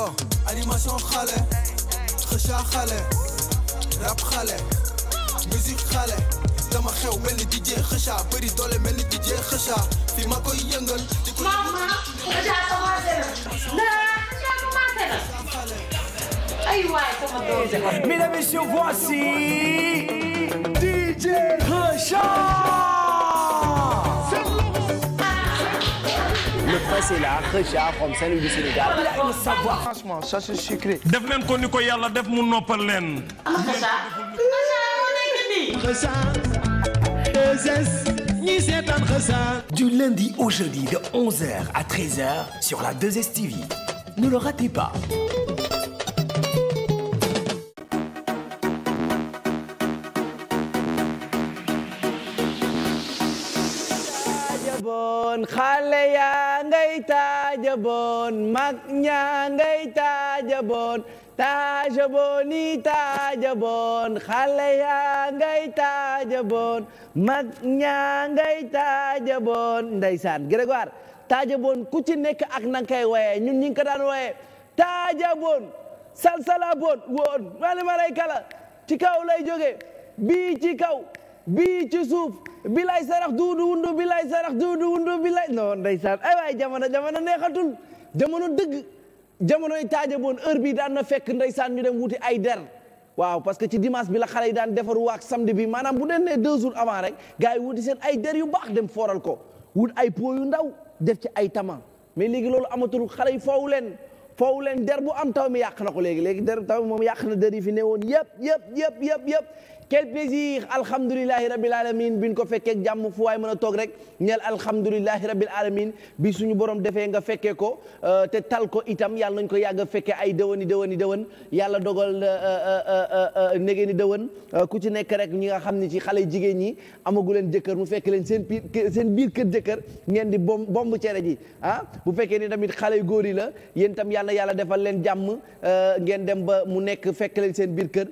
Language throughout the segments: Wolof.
alors animation xale xëcca xale rap xale musique xale dama mel ni DJ xëcca bëri doole mel ni DJ xëcca fi ma koy yëngal di ko mama xëcca commencé na xëcca commencé na ay waay sama doom mesdames Fassila Kheucha from Saint-Louis du Sénégal. franchement ça c'est sucré. def leen ko ni ko yàlla def mu noppal leen. Ah, du lundi au jeudi de 11h à 13h sur la 2STV. Ne le ratez pas. xale ya taajaboon mag ñaa ngay taajaboon taajaboon yi taajaboon xale yaa ngay taajaboon mag ñaa ngay taajaboon ndeysaan Grégoire taajaboon ku ci nekk ak na nga koy waye ñun ñi ngi ko daan waye taajaboon salsalaboon woon mali malaykala ci kaw lay jóge bii ci kaw bii ci suuf bilay sarax duudu wundu bilay sarax duudu wundu bilay non ndeysaan ay waay jamono jamono neexatul jamono dëgg jamonoy taaja boon heure bii daan na fekk ndeysaan ñu dem wuti ay der waaw parce que ci dimanche bi la xale yi daan defaru waak samedi bi maanaam bu den ne deux jours rek gars yi wuti seen ay der yu baax dem fooral ko wut ay po yu ndaw def ci ay tama mais léegi loolu amatul xale yi foowu leen foowu leen der bu am taw mi yàq na ko léegi léegi der taw moom yàq na der yi fi ne woon yëpp yëpp yëpp yëpp yëpp quel plaisir alhamdulilahi rabil alamin bi ñu ko fekkee jàmm fu waay mën a toog rek ñeel alhamdulilahi rabil alamin bi suñu borom defee nga fekkee ko euh, te tal ko itam yàlla nañ ko yàgg a fekkee ay dëwëni dëwëni dëwën yàlla dogal euh, euh, negéeni dëwën ku ci nekk rek ñi nga xam ne ci xale jigéen ñi amagu leen jëkkër mu fekk leen seen biir seen biir kër jëkkër ngeen di bom bomb cere ji ah bu fekkee ni tamit xale góor yi la yéen yàlla yàlla defal leen jàmm ngeen dem ba mu nekk fekk leen seen biir kër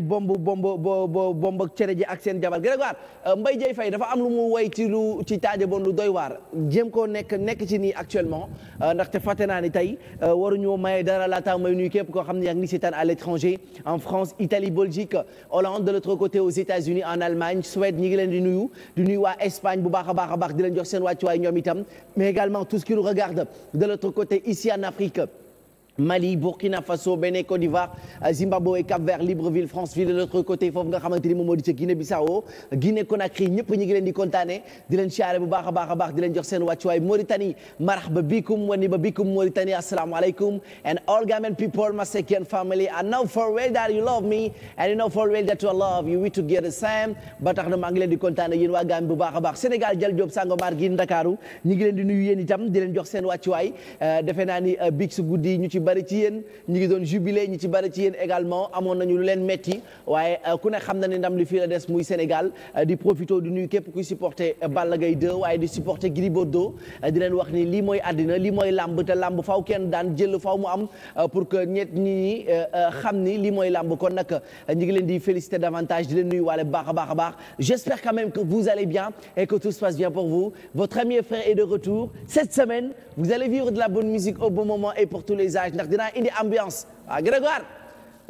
bomb bomb bomb ak cere ji ak seen jabar Grégoire euh, Mbaye Dieye Faye dafa am lu mu woy ci lu ci taaja bon lu doy waar jéem koo nekk nekk ci nii actuellement euh, ndaxte fàtte naa ni tey euh, waruñu maye dara laata may nuyu képp koo xam ne yaa ngi seetaan à l'étranger en France Italie Belgique Hollande de l'autre côté aux États-Unis en Allemagne Suède ñi ngi leen di nuyu di nuyu waa Espagne bu baax a baax a baax di leen jox seen wàccuwaay ñoom itam mais également tout ce qui regarde de l'autre côté Mali Burkina Faso Bénin Côte d'Ivoire euh, Zimbabwe Cap-Vert Libreville Franceville l'autre côté foofu nga xamante ni moom moo bissau Guinée Conakry ñëpp ñu ngi leen di kontaane bu baax baax a baax di leen jox seen wàccuwaay Mauritanie marhaba bikum assalamu alaikum and all Gambian people my second family I know for well you love me and you know for well that you love you we together same ba na maa ngi leen di bu baax bari ci yéen ñi ngi doon jubilé ñi ci bari ci yéen également amoon nañu lu leen metti waaye euh, ku ne xam na ne ndam li fii la des muy Sénégal euh, di profito di nuyu képp kuy supporter euh, Balla Gaye 2 waaye di supporter Gris Bordeaux di leen wax ni lii mooy àddina lii mooy làmb te làmb faw kenn daan jël faw mu am pour que ñett ñi xam ni lii mooy làmb kon nag ñi leen di féliciter davantage di leen nuyu waale baax a baax a baax j'espère quand même que vous bien et que tout se passe bien ndax dinaa indi ambiance waa Grégoire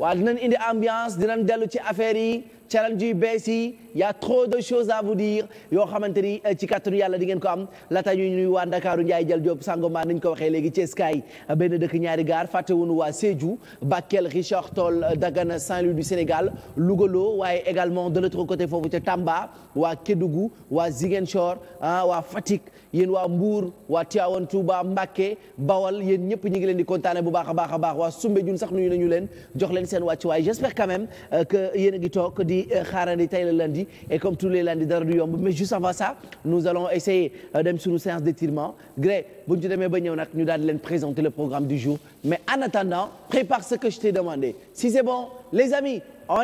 waa dinañ indi ambiance dina dellu ci affaire yi challenge yu bees yi trop de choses à vous dire yoo xamante ni euh, ci kàttanu yàlla di ngeen ko am laata ñuy nuyu waa Ndakaaru Ndiaye jal Diop sango ni nañ ko waxee léegi ci Sky benn dëkk ñaari gaar fàttewunu waa Sédhiou Bakel Richard Toll Dagana Saint-Louis du Sénégal Lougaloo waaye également de l' autre côté foofu ca Tamba waa Kédougou waa Ziguinchor ah waa Fatick yéen waa Mbour waa Tivaouane Touba Mbacké Bawal yéen ñëpp ñu ngi leen di kontaane bu baax a baax a baax waa Soumbédioune sax nuyu nañu leen jox leen seen wàccuwaay j'espère quand même euh, que yéen a ngi toog di euh, xaarandi tey la lundi et comme tous leen lundis dara du yomb mais juste avant ça nous allons essayer euh, dem suñu séance d'étirement gré bu ñu ci demee ba ñëw nag ñu daal di leen présenter le programme du jour mais en attendant prépare ce que je t'ai demandé si c'est bon les amis on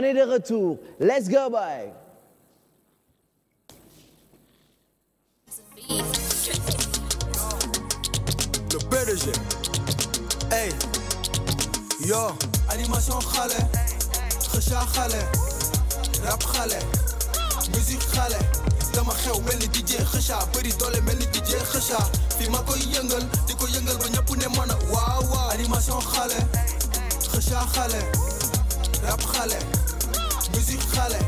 PDG ey yo animation xale xëca xale rap xale musique xale dama xew mel ni DJ xëca bëri doole mel ni DJ xëca fi ma koy yëngal di ko yëngal ba ñëpp ne mën a xale xëca xale rap xale musique xale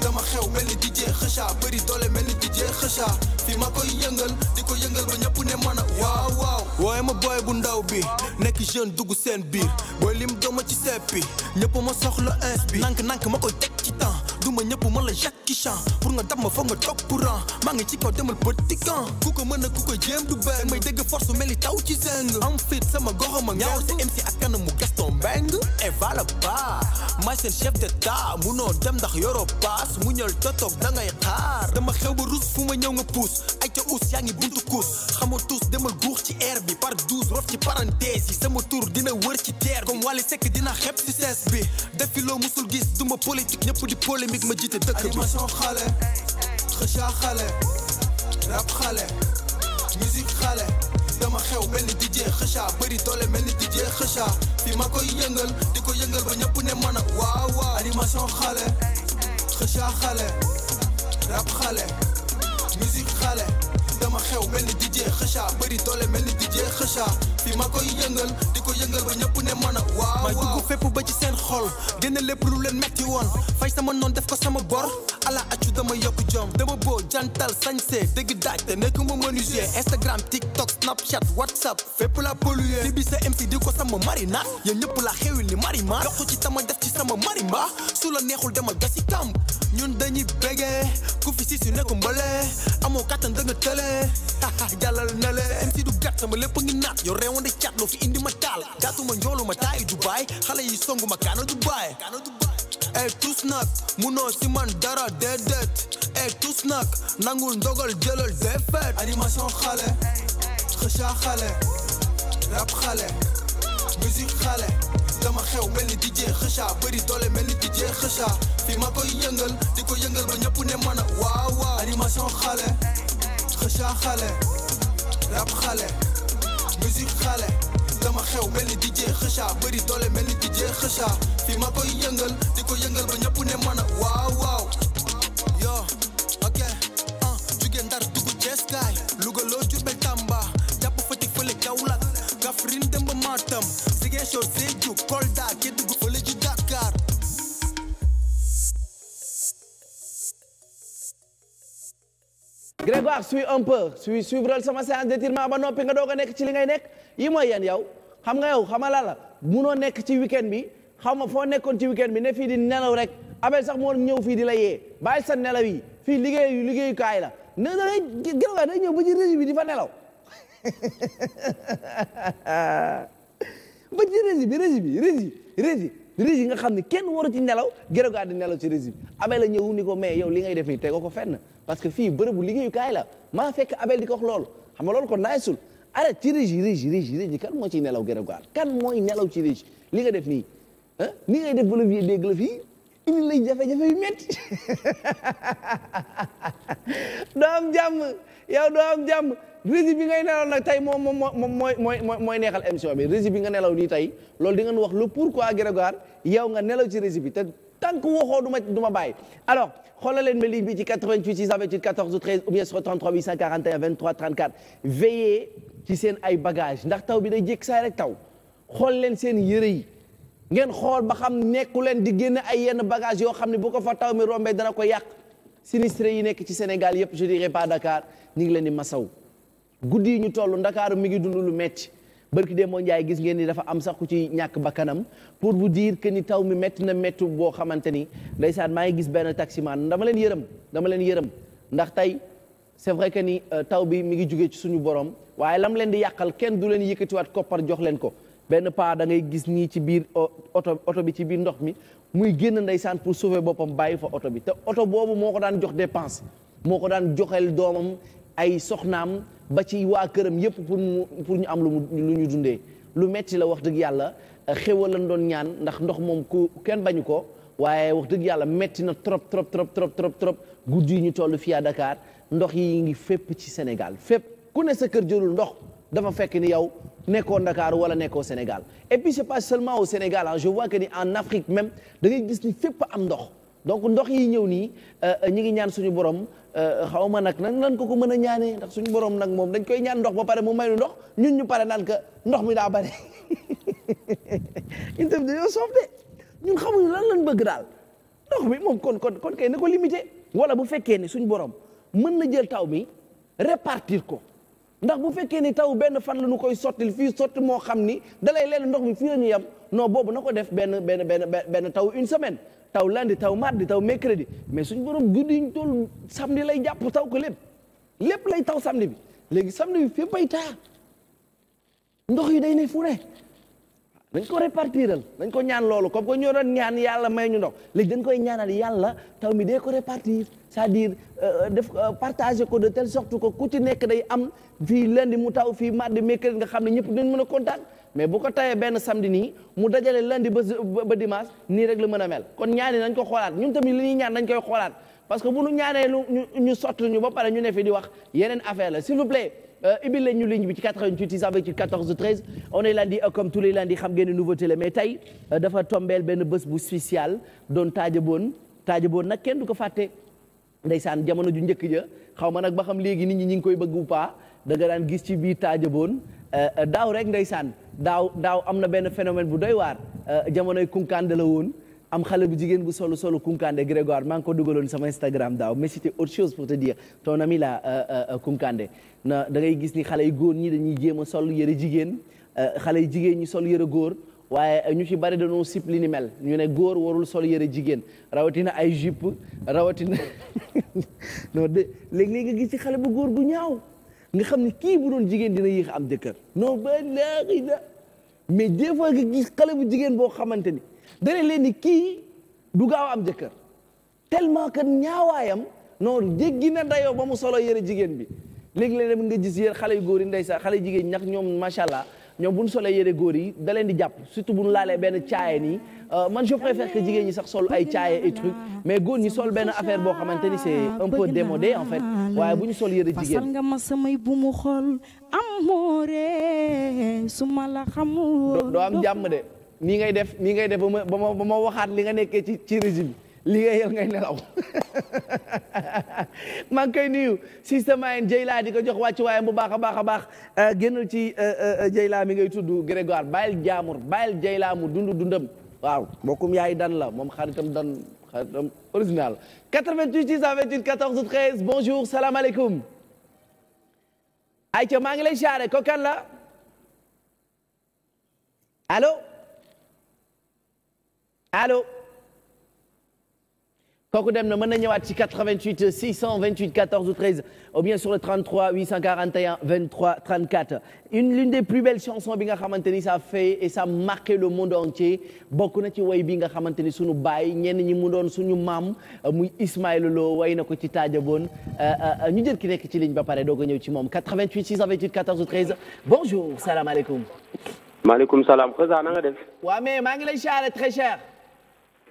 dama xew mel ni DJ Kheucha bëri doole mel ni DJ Kheucha fi ma koy yëngal di ko yëngal ba ñëpp ne man waaw waaw waaye ma booy bu ndaw bi nekk jeune dugg seen biir booy lim dooma ci seppi ñëpp ma soxla ins bi nank nank ma koy teg ci temps duma ñëpp man la Jackie Chan pour nga dab ma foog nga toog courant maa ngi ci kaw demal petit camp ku ko mën a ku ko jéem du benn may dégg force mel ni taw ci seng am fit sama gox a ñaaw si MC ak kanamu Gaston Mbengue Eva a ba maay seen chef d'état munoo dem ndax yoroo paas mu ñëw totoog da ngay xaar dama xew ba rus fu ma ñëw nga puus ay ca us yaa ngi buntu kuus xamoo tuus demal guux ci air par douze rof ci parenthèse sama tour dina wër ci terre comme Wally Seck big ma jiite dëkk bi animation xale xëca xale rap xale musique xale dama xew mel ni DJ xëca bëri doole mel ni DJ xëca fi ma koy yëngal di ko yëngal ba ñëpp ne man a waaw waaw xale xëca xale rap xale musique xale dama xew mel ni DJ Kheucha bëri doole mel ni DJ Kheucha fi ma koy yëngal di ko yëngal ba ñëpp ne mën a waaw ma dugg fépp ba ci seen xol génne lépp lu leen metti woon fay sama noon def ko sama bor ala accu dama yokk jom dama boo jantal sañse dëgg daaj te nekk ma menuisier Instagram TikTok Snapchat WhatsApp fépp la polluer li bi sa MC di ko sama marina yéen ñëpp la xewil ni marima yokk ci sama def ci sama marima su la neexul demal gasi kamp ñun dañuy bégee ku fi si si nekk mbële amoo kattan dëgg tële jàllal na le MC du gàtt sama lépp ngi naat yow reewande cat loo fi indi ma taal gàttuma njoolu ma taayi Dubaay xale yi songu ma a Dubaay ey eh, tus nag munoo si man dara déedéet ey eh, tus nag nangul ndogal jëlal défaite animation xale xëca xale rap xale musique xale dama xew mel ni DJ xëca bëri doole mel ni DJ xëca fi ma koy yëngal di ko yëngal ba ñëpp mana waaw waaw xale xëcaa xale rap xale musique xale dama xew mel ni DJ xëcca bëri doole mel ni DJ xëcca fi ma koy yëngal di ko yëngal ba ñëpp ne mana waaw waaw yo ok ah jugee ndar dugg Cees gaay Luga loo Jurbel Tamba jàpp Fatick fële Kaolack Kaffrine dem ba Matam Ziguinchor Sédhiou Kolda Kédougou Grégoire suis un peu suis suivral sama séance d'étirement ba noppi nga doog a nekk ci li ngay nekk yi mooy yan yow xam nga yow xamala la munoo nekk ci weekend bi xaw ma foo nekkoon ci weekend bi ne fii di nelaw rek abel sax moo ñëw fii di la yee bàyyi sa nelaw yi fii liggéeyu liggéeyukaay la ne da ngay Grégoire day ñëw ba ci bi di fa nelaw ba ci régie bi régie bi régie régie régie nga xam ne kenn waru ci nelaw Grégoire di nelaw ci régie bi abel la ñëwu ni ko mais yow li ngay def nii tegoo ko na parce que fii bërëbu liggéeyukaay la maa fekk Abel di ko wax loolu xam nga loolu kon naaysul arrête ci régie régie régie régie kan moo ciy nelaw gërëm gaal kan mooy nelaw ci régie li nga def nii ah ni ngay def ba levier dégg la fii indi lay jafe-jafe yu métti doo am jàmm yow doo am jàmm régie bi moom moom mooy mooy mooy neexal émission bi régie bi nga nelaw nii tey loolu di ngeen wax le pourquoi gërëm gaal yow nga nelaw ci régie bi te. tant que waxoo du ma du ma bàyyi alors xoolal leen ma ligne bi ci 88 628 14 13 ou bien sur 33 841 23 34 veillez ci seen ay bagage ndax taw bi day jékki saa rek taw xool leen seen yére yi ngeen xool ba xam nekku leen di génn ay yenn bagages yoo xam ne boo ko fa taw mi rombee dana ko yàq sinistre yi nekk ci Sénégal yëpp je dirai pas Dakar ngi leen di masaw guddi yi ñu toll Dakar mi ngi dund lu metti bërki dee moo njaay gis ngeen ni dafa am sax ku ci ñàkk bakkanam pour bu diir que ni taw mi métti na méttu boo xamante ni ndeysaan maa ngi gis benn taximaan dama leen yërëm dama leen yërëm ndax tey c'est vrai que ni euh, taw bi mi ngi jugee ci suñu borom waaye lam leen di yàqal kenn du leen yëkkatiwaat koppar jox leen ko benn paa da ngay gis nii ci biir oto oto bi ci biir ndox mi muy génn ndeysaan pour sauver boppam bàyyi fa oto bi te oto boobu moo ko daan jox dépense moo ko daan joxel doomam ay soxnaam ba ci waa këram yépp pour pour ñu am lu mu lu ñu dundee lu metti la wax dëgg yàlla xéwal lañ doon ñaan ndax ndox moom ku kenn bañu ko waaye wax dëgg yàlla metti na trop trop trop trop trop trop guddi ñu toll fii à ndox yi ngi fépp ci Sénégal fépp ku ne sa kër jëlul ndox dafa fekk ni yow nekkoo ndakaar wala nekkoo Sénégal et puis c'est pas seulement au Sénégal ah je vois que ni en Afrique même da ngay gis ni fépp am ndox donc ndox yi ñëw nii euh, ñu ngi ñaan suñu borom Eh, xaw ma nag nan lan ko ko mën a ñaanee ndax suñu borom nag moom dañ koy ñaan ndox ba pare mu may ndox ñun ñu pare naan que ndox mi daa bare ñun tam dañoo soof de ñun xamuñu lan lan bëgg daal ndox mi moom kon kon kon kay na ko limité wala bu fekkee ni suñu borom mën na jël taw bi répartir ko ndax bu fekkee ni taw benn fan la ñu koy sottil fii sotti moo xam ni dalay leen ndox mi fii la ñu yem non boobu na ko def benn benn benn benn taw une semaine taw lundi taw mardi taw mercredi mais suñu borom guddi ñu toll samedi lay jàpp taw ko lépp lépp lay taw samedi bi léegi samedi bi fépp ay taa ndox yi day ne fuure ne dañ ko répartiral dañ ko ñaan loolu comme que ñoo doon ñaan yàlla may ñu ndox léegi dañ koy ñaanal yàlla taw mi dee ko répartir c'est-à-dire euh, def euh, partager ko de telle sorte ko ku ci nekk day am fii lundi mu taw fii mardi mercredi nga xam ne ñëpp dañ mën a kontaan mais bu ko tayee benn samedi nii mu dajale lundi ba ba dimanche nii rek la mën a mel kon ñaani nañ ko xoolaat ñun tamit li ñuy ñaan nañ koy xoolaat parce que bu nu ñaanee lu ñu sotti ñu ba pare ñu ne fi di wax yeneen affaire la s'il vous plaît ibil euh, lañ ñu ligne bi ci 88 628 14 13 on est lundi euh, comme tous les lundis xam ngeen ni nouveauté mais tey euh, dafa tombeel benn bés bu spécial doon taajaboon taajaboon nag kenn du ko fàtte ndeysaan jamono ju njëkk ja xaw ma nag ba xam léegi nit ñi ñi ngi koy bëgg ou pas da gis ci biir taajaboon Eh, eh, daaw rek ndeysaan daaw daaw am na benn phénomène bu doy waar eh, jamonoy kunkaande la woon am xale bu jigéen bu solo solo kunkaande Grégoire maa ngi ko dugaloon sama Instagram daaw mais c'était autre chose pour te dire ton ami la kunkaande na dangay gis ni xale yu góor ñi dañuy jéem a sol yëre jigéen xale yu jigéen ñi sol yëre góor waaye ñu ci bari dañoo sip li ni mel ñu ne góor warul sol yëre jigéen rawatina ay jupe rawatina non de léegi-léegi nga gi ci xale bu góor bu ñaaw nga xam ni kii bu doon jigéen dina yéex am jëkkër noo ba léegi mais des fois nga gis xale bu jigéen boo xamante ni dana leen ni kii du gaaw am jëkkër tellement que ñaawaayam non jéggi na dayoo ba mu solo yëre jigéen bi léegi leen dem nga jis yéen xale yu góor yi ndeysaan xale jigéen ñax ñoom macha allah. ñoom bu ñu solee yére góor yi da leen di jàpp surtout bu ñu laalee benn caaye nii euh, man je préfère que jigéen ñi sax sol ay caaye et mais góor ñi sol benn affaire boo xamante ni c'est un peu démodé en fait waaye bu ñu sol yére jigéen nga ma samay bu mu xool amoore su ma la xamul doo am jàmm de nii ngay def nii ngay def ba ma ba ma waxaat li nga nekkee ci ci régime liggéeyal ngay nelaw maa ngi koy nuyu système ayen Jeyla di ko jox wàcc waayam bu baax a baax a baax eh, génnul ci eh, eh, Jeyla mi ngay tudd Grégoire bàyyil jaamur bàyyil Jeyla mu dund dundam waaw mbokkum yaay dan la moom xaritam dan xaritam original 88 628 14 13 bonjour salaamaaleykum maa ngi lay siyaare ko kan la allo kooku dem na mën na ñëwaat ci 88 628 14 ou 13 ou bien sur le 33 841 23 l'une des plus belles chansons bi nga xamante ni ça fait et ça marqué le monde entier bokk na ci woy bi nga xamante ni suñu baay ñenn ñi mu doon suñu maam euh, muy Ismaël Lo way na ko ci Tadjaboon euh, euh, ñu jël ki nekk ci ligne ba pare doog a ñëw ci moom 88 628 14 ou 13 bonjour salaamaaleykum. maaleykum salaam Xeuza na nga def. waaw mais maa ngi lay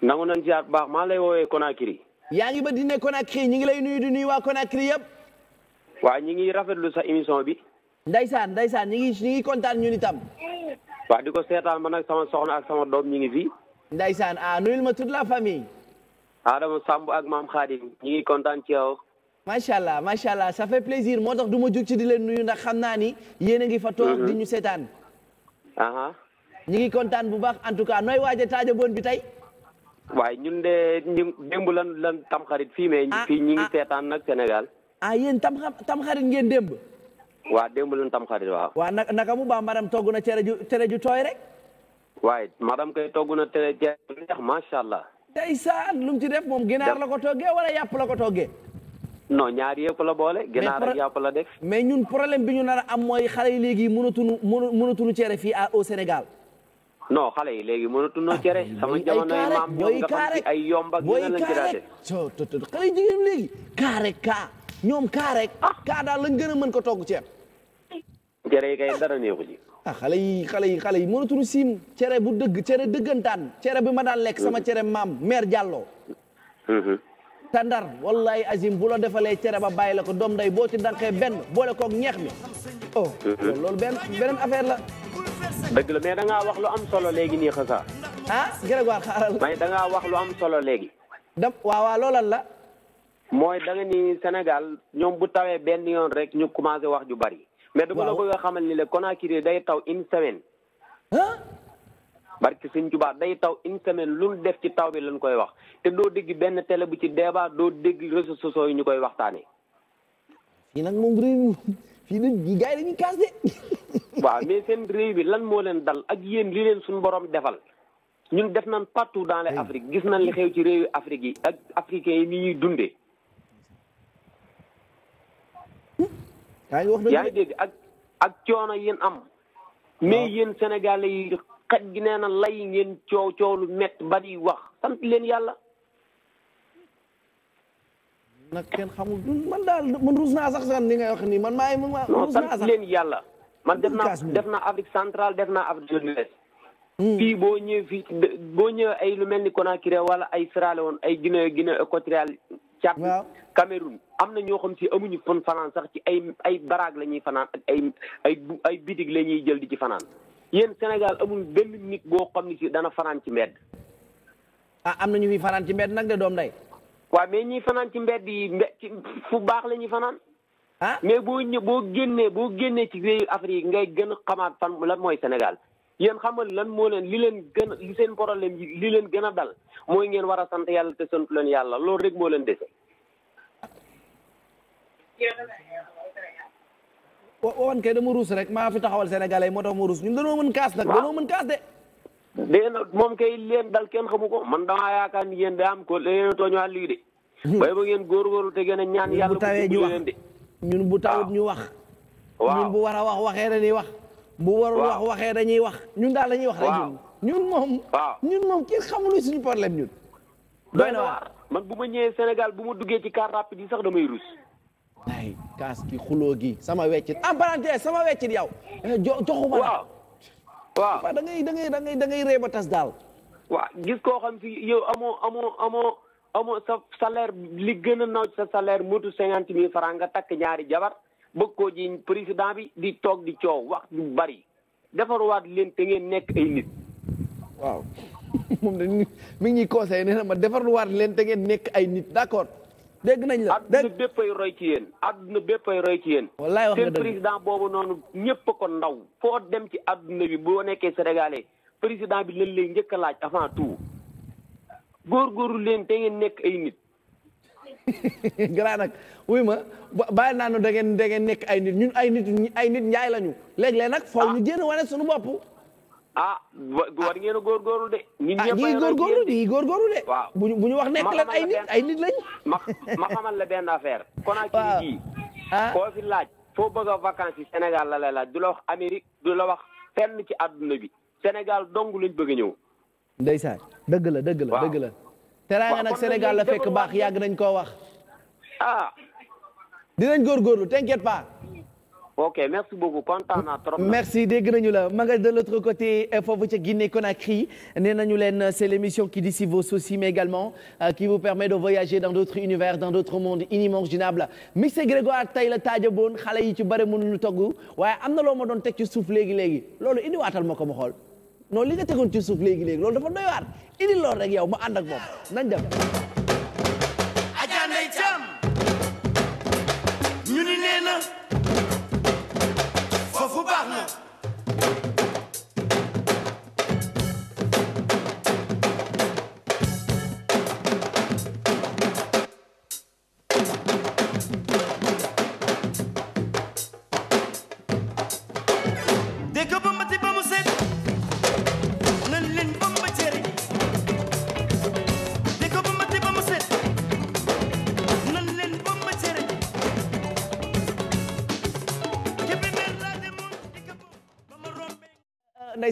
nangu nañ ziar bu baax maa lay woowee Conakry. yaa ngi ba di ne Conakry ñu ngi lay nuyu di nuyu waa Conakry yëpp. waa ñu ngi rafetlu sa émission bi. Ndeysaan Ndeysaan ñu ngi ñi ngi kontaan ñun itam. waa di ko seetaan man nag sama soxna ak sama doom ñu ngi fi. Ndeysaan ah nuyul ma toute la famille. Adama Samb ak maam Khadim ñu ngi kontaan ci yow. macha allah macha allah ça fait plaisir moo tax du ma jug ci di leen nuyu ndax xam naa ni yéen a ngi fa toog mhm. ñu seetaan. ñu ngi kontaan bu baax en tout cas nooy waaj a taaja boon bi tey. waaye ñun de ñu démb lan lan tamxarit fii mais. Ah, fii ñi ngi ah. nag Sénégal. ah yéen tam tamxarit ngeen démb. waa démb lan tamxarit waaw. waa naka naka mu baax madame togg na cere ju cere ju tooy rek. waaye madame kay togg na cere cere ju macha allah. tey lu mu ci def moom ginaar la ko toggee wala yàpp la ko toggee. non ñaari yëpp la boole. ginaar ak yàpp la def. mais ñun problème bi ñu nar am mooy xale yi léegi mënatuñu mënatuñu cere fii au Sénégal. non xale yi léegi mënatuñoo cere sama jamonoy maam ñoom nga xam ci ay yomb ak ñu lañ ci daa to to xale jigéen léegi kaa rek kaa ñoom kaa rek kaa daal lañ gën a mën ko togg ceeb cere yi kay dara neexu ji ah xale yi xale yi xale yi mënatuñu siim cere bu dëgg cere dëggantaan cere bi ma daal lekk sama cere maam mère Diallo te ndar wallahi azim bu la defalee cere ba bàyyi la ko doom day boo ci danqee benn boole koog ñeex mi oh loolu benn beneen affaire la dëgg la mais da wax lu am solo léegi nii xasa ah Grégoire xaaral mais da wax lu am solo léegi dam waaw waaw loolan la mooy da nga ni Sénégal ñoom bu tawee benn yoon rek ñu commencé wax ju bari mais dama la bëgg a xamal ni le Conakry day taw une semaine barki sëñ Tuubaa day taw une semaine lu ñu def ci taw bi lañ koy wax te doo dégg benn télé bu ci débat doo dégg réseaux sociaux yi ñu koy waxtaanee. fii nag moom réew fii nag yi dañuy kaas de. waaw mais seen réew bi lan moo leen dal ak yéen li leen suñu borom defal ñun def nañ partout dans les Afrique gis nañ li xew ci réewi Afrique yi ak africains yi ni ñuy dundee. yaa ngi wax dëgg yaa dégg ak coono yéen am. mais yéen sénégalais yi. kat gi na lay ngeen coow coow lu métti ba di wax sant leen yàlla. nag kenn xamul man daal man ruus naa sax sax ni ngay wax nii man maay man ruus naa sax sant leen man def naa def naa Afrique def naa Afrique hmm. boo ñëwee fii boo ay lu mel ni Conakry wala ay Sierra Leone ay Guinée Guinée équatoriale. Tchad am na ñoo xam si amuñu fon fanaan sax ci ay ay baraag la ñuy fanaan ak ay ay ay bitig la ñuy jël di ci fanaan. yéen Sénégal amul benn nit boo xam ni si dana fanaan ci mbedd. a ah, am na ñu fi fanaan ci mbedd nag de doom day waaw mais ñi fanaan ci mbedd yi mbe ci fu baax la ñuy fanaan. ah mais boo ñë boo génnee boo génnee ci réew Afrique ngay gën a xamaat fan lan mooy Sénégal yéen xamal lan moo leen li leen gën li seen problème yi li leen gën a dal mooy ngeen war a yàlla te sant leen yàlla loolu rek moo leen dese. wan kay dama ruus rek maa fi taxawal sénégalais moo tax ma ruus ñun dañoo mën kaas nag dañoo mën kaas de dén moom leen dal kenn xamu ko man damaa yaakaar ni yéen am ko leen tooñuwaat bay ba ngeen góorgóorlu te gën a ñaan yàlla bu tawee ñu wax ñun bu tawut ñu wax waaw ñun bu war a wax waxee dañuy wax bu warul wax waxee dañuy wax ñun daal dañuy wax rek ñun ñun moom waaw ñun moom kenn xamul ñu problème ñun na waar man bu ma ñëwee Sénégal bu ma duggee ci car rapide yi sax damay ruus ay kaas ki xuloo gi sama weccit en ah, parenthèse sama weccit yow. Eh, joxuma la waaw waaw da ngay da ngay da ngay da ngay réew a tas daal. waaw gis koo xam si yow amoo amoo amoo sa salaire li gën a naw sa salaire motu cinquante mil franc nga takk ñaari jabar bëgg koo jiñ président bi di toog di coow wax du bari defaruwaat leen te ngeen nekk ay nit. waaw moom dañ mi ngi ñuy conseillé nee na ma defaruwaat leen te ngeen nekk ay nit d'accord. dégg nañ la adduna béppay roy ci yéen adduna béppay roy ci yéen wallaay wax président boobu noonu ñëpp ko ndaw foo dem ci adduna bi boo nekkee sénégalais président bi lañ lay njëkk laaj avant tout góorgóorlu leen te ngeen nekk ay nit grand nag wuy ma bàyyi naa nu da ngeen da nekk ay nit ñu ay nit ay nit njaay lañu léeg-léeg nag faw ñu génn ah. wane suñu bopp Ah, ah war ngeen a góorgóorlu de. ñun ah, ñëpp ñii góorgóorlu ñii de. bu ñu wax nekk lan ay nit lañ. ma xamal la benn affaire. waaw Conakry gii. Ah. koo fi laaj. foo bëgg a vacances yi Sénégal la lay laaj du la wax Amérique du la wax fenn ci àdduna bi Sénégal dong lañ bëgg a ñëw. ndeysaan dëgg la dëgg la dëgg la. teraanga nag Sénégal la fekk baax yàgg nañ koo wax. nañ dinañ góorgóorlu t'inquiète pas. ok merci beaucoup kontaan naa trop. la ma nga de l' autre côté euh, foofu ca Guinée Conakry nee nañu leen euh, c' est l' émission qui dissipe vos soucis mais également euh, qui vous permet de voyager dans d' univers dans d' autres mondes inimaginables. monsieur Grégoire tey la taaja boon xale yi ci bëri mënuñu togg waaye am na loo ma doon teg ci suuf léegi léegi loolu indiwaatal ma ko ma xool non li nga tegoon ci suuf léegi léegi loolu dafa doy waar indi loolu rek yow ma ànd ak moom dem.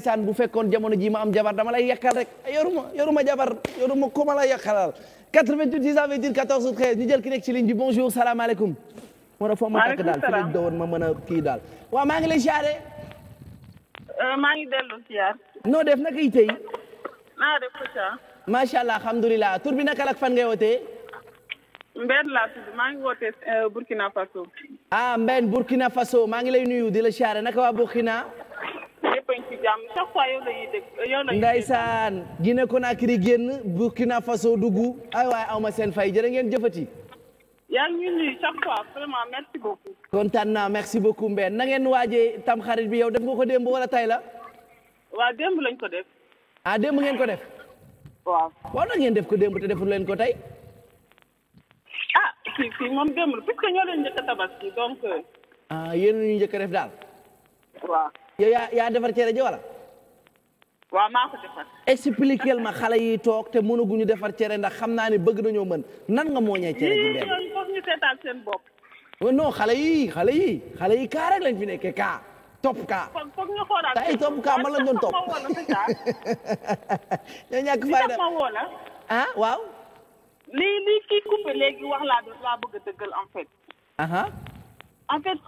ndeysaan bu fekkoon jamono ji ma am jabar dama lay yàqal rek yoruma yoruma jabar yoruma ko ma lay yàqalal 88 18 14 13 ñu jël ki nekk ci ligne bi bonjour salaamaaleykum. moo tax foo ma takk daal fi lañ ma mën kii daal waa maa ngi lay siyaare. Euh, maa ngi dellu siyaar. noo def naka yi tey. naa def ko saa. macha allah alhamdulilah tur bi naka la fan ngay wootee. Mbène laa maa ngi wootee euh, Burkina Faso. ah Mbène Burkina Faso maa ngi lay nuyu di la siyaare naka waa Burkina. jàmm chaque fois yow la ñuy dégg yow la ñuy ndeysaan Guinée Conakry génn Burkina Faso dugg ay waay aw ma seen fay jërë ngeen jëfati yaa ngi nuyu chaque fois vraiment merci beaucoup kontaan naa merci beaucoup Mbène na ngeen waajee tam xarit bi yow def nga ko démb wala tay la waaw démb lañ ko def ah démb ngeen ko def waaw waaw na ngeen def ko démb te deful leen ko tey ah fii fii moom démb la puisque ñoo leen njëkk a tabaski donc euh, ah ñu njëkk def daal yow yaa yaa defar cere ji wala. waaw maa ma xale yi toog te mënaguñu defar cere ndax xam naa ni bëgg nañoo mën nan nga mooñee cere ji. benn ñi oh, xale yi xale yi xale yi kaa rek lañ fi nekkee kaa. topp kaa ay topp kaa man lañ doon topp. ñoo ñàkk fayda ah waaw. lii lii kii coupé léegi wax laa doon laa bëgg a dëggal en fait. en fait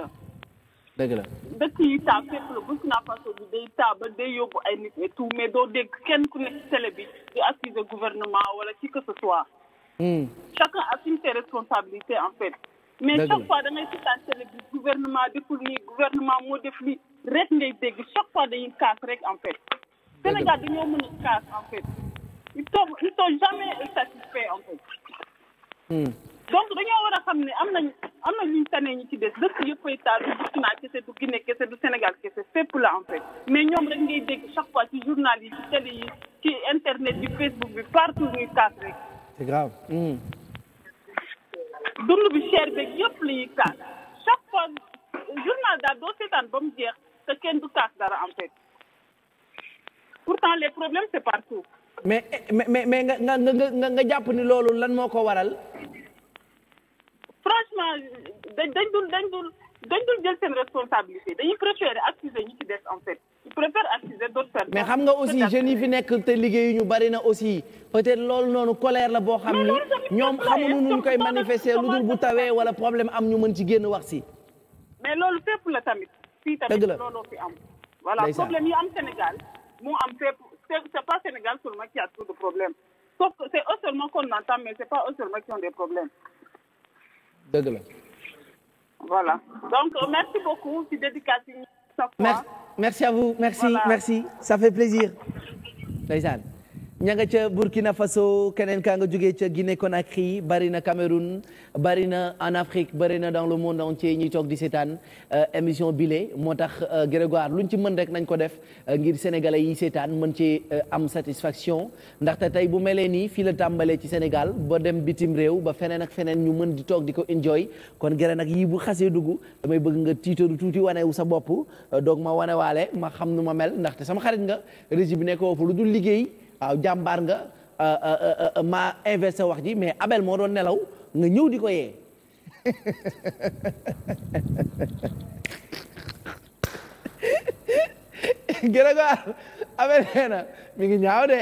la. dëgg la dëkk yi taa fépp la Burkina Faso bi day taa ba day yóbbu ay nit et tout mais doo dégg kenn ku nekk ci télé bi di accuser gouvernement wala ci que ce soit. Hmm. chacun assume ses responsabilités en fait. mais chaque fois da ngay seetaan télé bi gouvernement deful nii gouvernement moo def lii rek ngay dégg chaque fois dañuy kaas rek en fait. Sénégal dañoo mën a kaas en fait ils sont ils sont jamais satisfaits en fait. Hmm. donc dañoo war a xam ne am nañ am na ñu tane ñu ci des dëkk yëppay taal du Burkina kese du Guinée kese du Sénégal kese fépp la en mais ñoom rek ngay dégg chaque fois ci journal yi ci télé yi internet bi Facebook bi partout ñuy taas rek. c'est grave. Hmm. dund bi cher beeg yëpp la ñuy taas chaque fois journal daal doo ba mu jeex te kenn du taas dara en fait pourtant les problèmes c'est partout. mais mais mais mais nga nga nga nga jàpp ni loolu lan moo ko waral. franchement dañ dañ dul dañ dul dañ dul jël seen responsabilité dañuy préférer accuser ñu ci des en fait ils préfèrent accuser d'autres mais xam nga aussi jeunes yi fi nekk te liggéey ñu bari na aussi peut-être loolu noonu colère la boo xam ni ñoom xamuñu nuñ koy manifester lu dul bu tawee wala problème am ñu mën ci génn wax si mais loolu fépp la tamit fii tamit looloo fi am voilà problème yi am Sénégal moo am fépp c'est pas Sénégal seulement qui a trop de problèmes sauf que c'est eux seulement qu'on entend mais c'est pas eux seulement dëgg la. voilà donc merci beaucoup ci dédicace yi merci à vous merci merci ça fait plaisir ndeysaan ña nga ca Burkina Faso keneen kaa nga jógee ca Guinée Conakry bari na Cameroun bari na en Afrique bari na dans le monde entier ñuy toog di seetaan euh, émission bile moo tax euh, Grégoire luñ ci mën rek nañ ko def euh, ngir sénégalais yi seetaan mën ci am satisfaction ndaxte tey bu melee nii fii la tàmbalee ci Sénégal boo dem bitim réew ba feneen ak feneen ñu mën di toog di ko enjoy kon gërë nag yii bu xasee dugg damay bëgg nga tiitaru tuuti wanewu sa bopp doog ma wanewaale ma xam nu ma mel ndaxte sama xarit nga régi bi nekk woofu lu dul liggéey waaw jàmbaar nga euh, euh, euh, maa inversé wax ji mais Abel moo doon nelaw nga ñëw di ko yee Abel nee mi ngi ñaaw de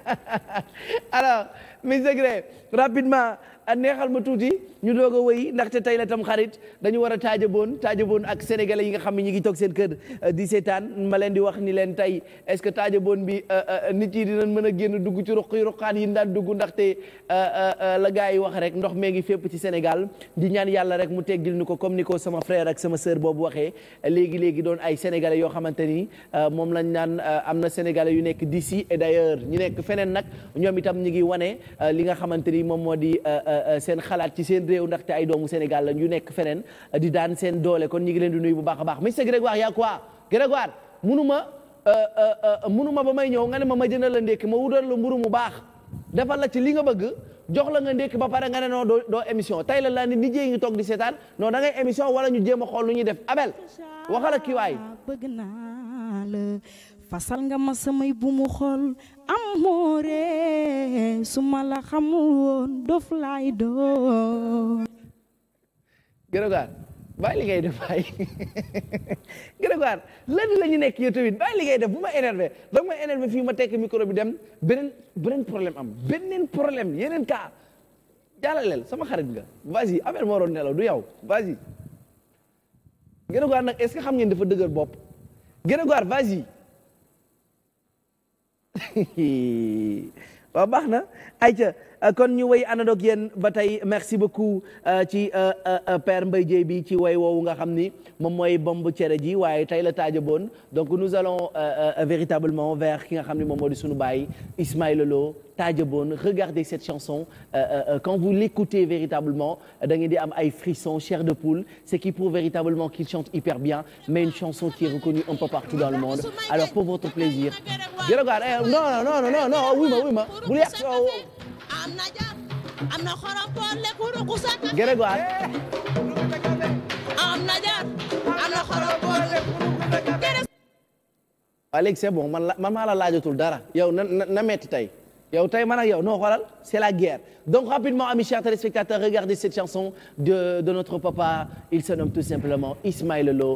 alors mi secret rapidement neexal ma tuuti ñu doog a wëy ndaxte tey la tam xarit dañu war a taajaboon taajaboon ak sénégale yi nga xam ne ñu ngi toog seen kër euh, di seetaan ma leen di wax ni leen tey est-ce que taajaboon bi euh, euh, nit yi dinañ mën a dugg ci ruq yi ruqaan yi daan dugg ndaxte la gars yi wax rek ndox mee ngi fépp ci Sénégal di ñaan yàlla rek mu teggil ñu ko comme ni ko sama frère ak sama sœur boobu waxee léegi léegi doon ay sénégalais yoo xamante ni moom lañ naan am na sénégalais yu nekk d'ici et d'ailleurs ñu nekk feneen nag ñoom itam ñu ngi wane li nga xamante ni moom moo di Euh, seen xalaat ci seen réew ndaxte ay doomu Sénégal lañ yu nekk feneen euh, di daan seen doole kon ñu ngi leen bu baax a baax monsieur Grégoire yaa euh, ba may ñëw nga ne ma ma la ndékki ma wutal la mburu mu baax defal la ci li nga bëgg jox la nga ndékki ba pare nga ne noo doo doo émission tey la laa ni DJ ngi toog di seetaan non da ngay émission wala ñu jéem a xool lu ñuy def Abel waxal a kii fasal nga ma samay bu mu xool. amoore su ma la xamul woon dof laay doon Grégoire bàyyi li ngay def bàyyi Grégoire la ñu nekk yow tamit bàyyi li def bu ma énervé danga ma énervé fii ma tekk micro bi dem beneen beneen problème am beneen problème yeneen kaa jàllaleel sama xarit nga vas-y affaire moo nelaw du yow vas-y Grégoire nag est xam ngeen dafa dëgër bopp Grégoire vas waaw baax na ayca Euh, kon ñu wéy àndandoog yéen ba tey merci beaucoup euh, ci euh, père Mbaye Dieye bi ci way woowu nga xam ni moom mooy bomb cere ji waaye tey la taajaboon donc nous allons véritablement vers ki nga xam ni moom moo di sunu baay Ismaïla Lo taajaboon regardez cette chanson quand vous l'écoutez véritablement da ngeen di am ay frissons chair de poule c'est qui prouve véritablement qu'il chante hyper bien mais une chanson qui est reconnue un peu partout dans le monde alors pour votre plaisir. jërëjëf non am na jar am na xorom poor lekku ruku sàkk Grégoire am na jar am na xorom poor lekku ruku sàkk waaw léegi c'est bon man man maa la laajatul dara yow na na metti tey yow tey man ak yow non xoolal c'est la guerre donc rapidement amis chers téléspectateurs regardez cette chanson de de notre papa il se nomme tout simplement Ismaël Lo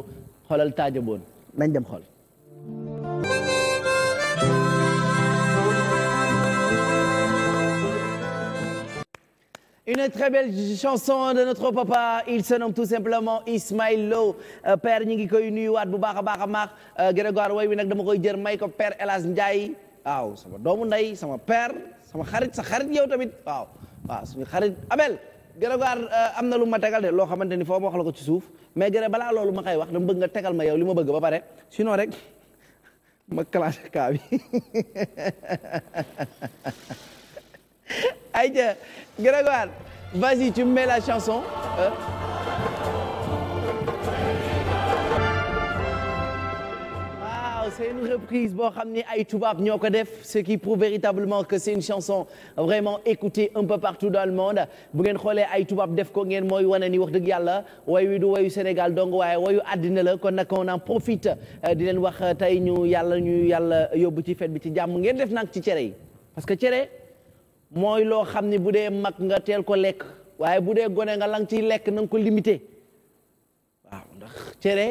xoolal Tadja Bon nañ dem xool Une très belle chanson de notre papa il se nomme tout simplement Ismaël Lo euh, père ñi ngi koy nuyuwaat bu baax a baax a maax euh, Grégoire way wi nag dama koy jër may ko père El Ndiaye waaw sama doomu nday sama père sama xarit sa xarit yow tamit waaw waaw suñu xarit Abel Grégoire euh, am na lu ma tegal de loo xamante ni foo ma wax la ko ci suuf mais Gré balaa loolu ma koy wax dama bëgg nga tegal ma yow li ma bëgg ba pare sinon rek ma classé cas Aïcha Grégoire vas-y tu me mets la chanson euh. c'est boo xam ne ay tubaab ñoo ko def ce qui prouve véritablement que c'est une chanson vraiment écoutée un peu partout dans le monde bu ngeen ay tubaab def ko ngeen mooy wane ni wax dëgg yàlla way wi du wayu Sénégal donc waaye wayu àddina la kon nag on en profite euh, di leen wax euh, tey ñu yàlla ñu yàlla yóbbu ci fête bi ci jàmm ngeen def nag ci cere yi parce que cere mooy loo xam ni bu dee mag nga teel ko lekk waaye bu dee gone nga lang ciy lekk na nga ko limité waaw ndax cere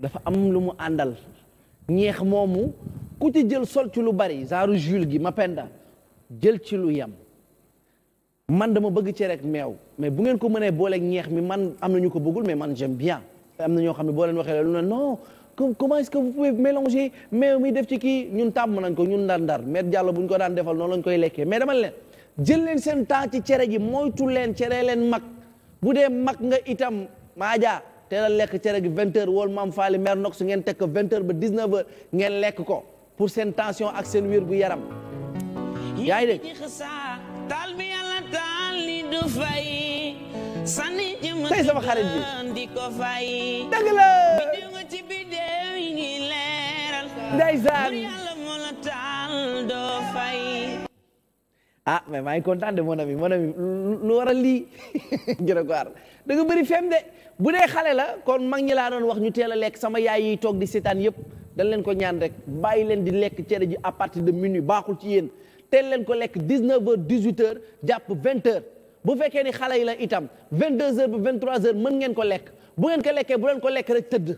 dafa am lu mu àndal ñeex moomu ku ci jël sol ci lu bari genre jule gi ma penda jël ci lu yem man dama bëgg cere ak meew mais bu ngeen ko mënee booleeg ñeex mi man am na ñu ko bëggul mais man j'aime bien am na ñoo xam ne boo leen waxee loolu ne non comment est-ce que vous pouvez meew mi def ci kii ñun tàmm nañ ko ñun ndar ndar mais jàll bu ñu ko daan defal noonu koy lekkee mais dama leen jël leen seen temps ci cere ji moytu leen cere leen mag bu dee mag nga itam maaja teel a lekk cere gi vingt heures wol maam faali mer nox su ngeen teg ko vingt ba dix neuf heures ngeen lekk ko pour seen tension ak seen wér gu yaram yaa ngi dégg tey sama xarit bi dëgg la ndeysaan ah mais maa ngi kontaan de mon ami mon ami lu waral lii jërëjëf da nga bëri fem de bu dee xale la kon mag ñi laa doon wax ñu teel a lekk sama yaay yi toog di seetaan yëpp dañ leen ko ñaan rek bàyyi leen di lekk cere ji à partir de minuit baaxul ci yéen teel leen ko lekk dix 19h 18h jàpp 20h bu fekkee ni xale yi la itam 22h ba 23h mën ngeen ko lekk bu ngeen ko lekkee bu leen ko lekk rek tëdd.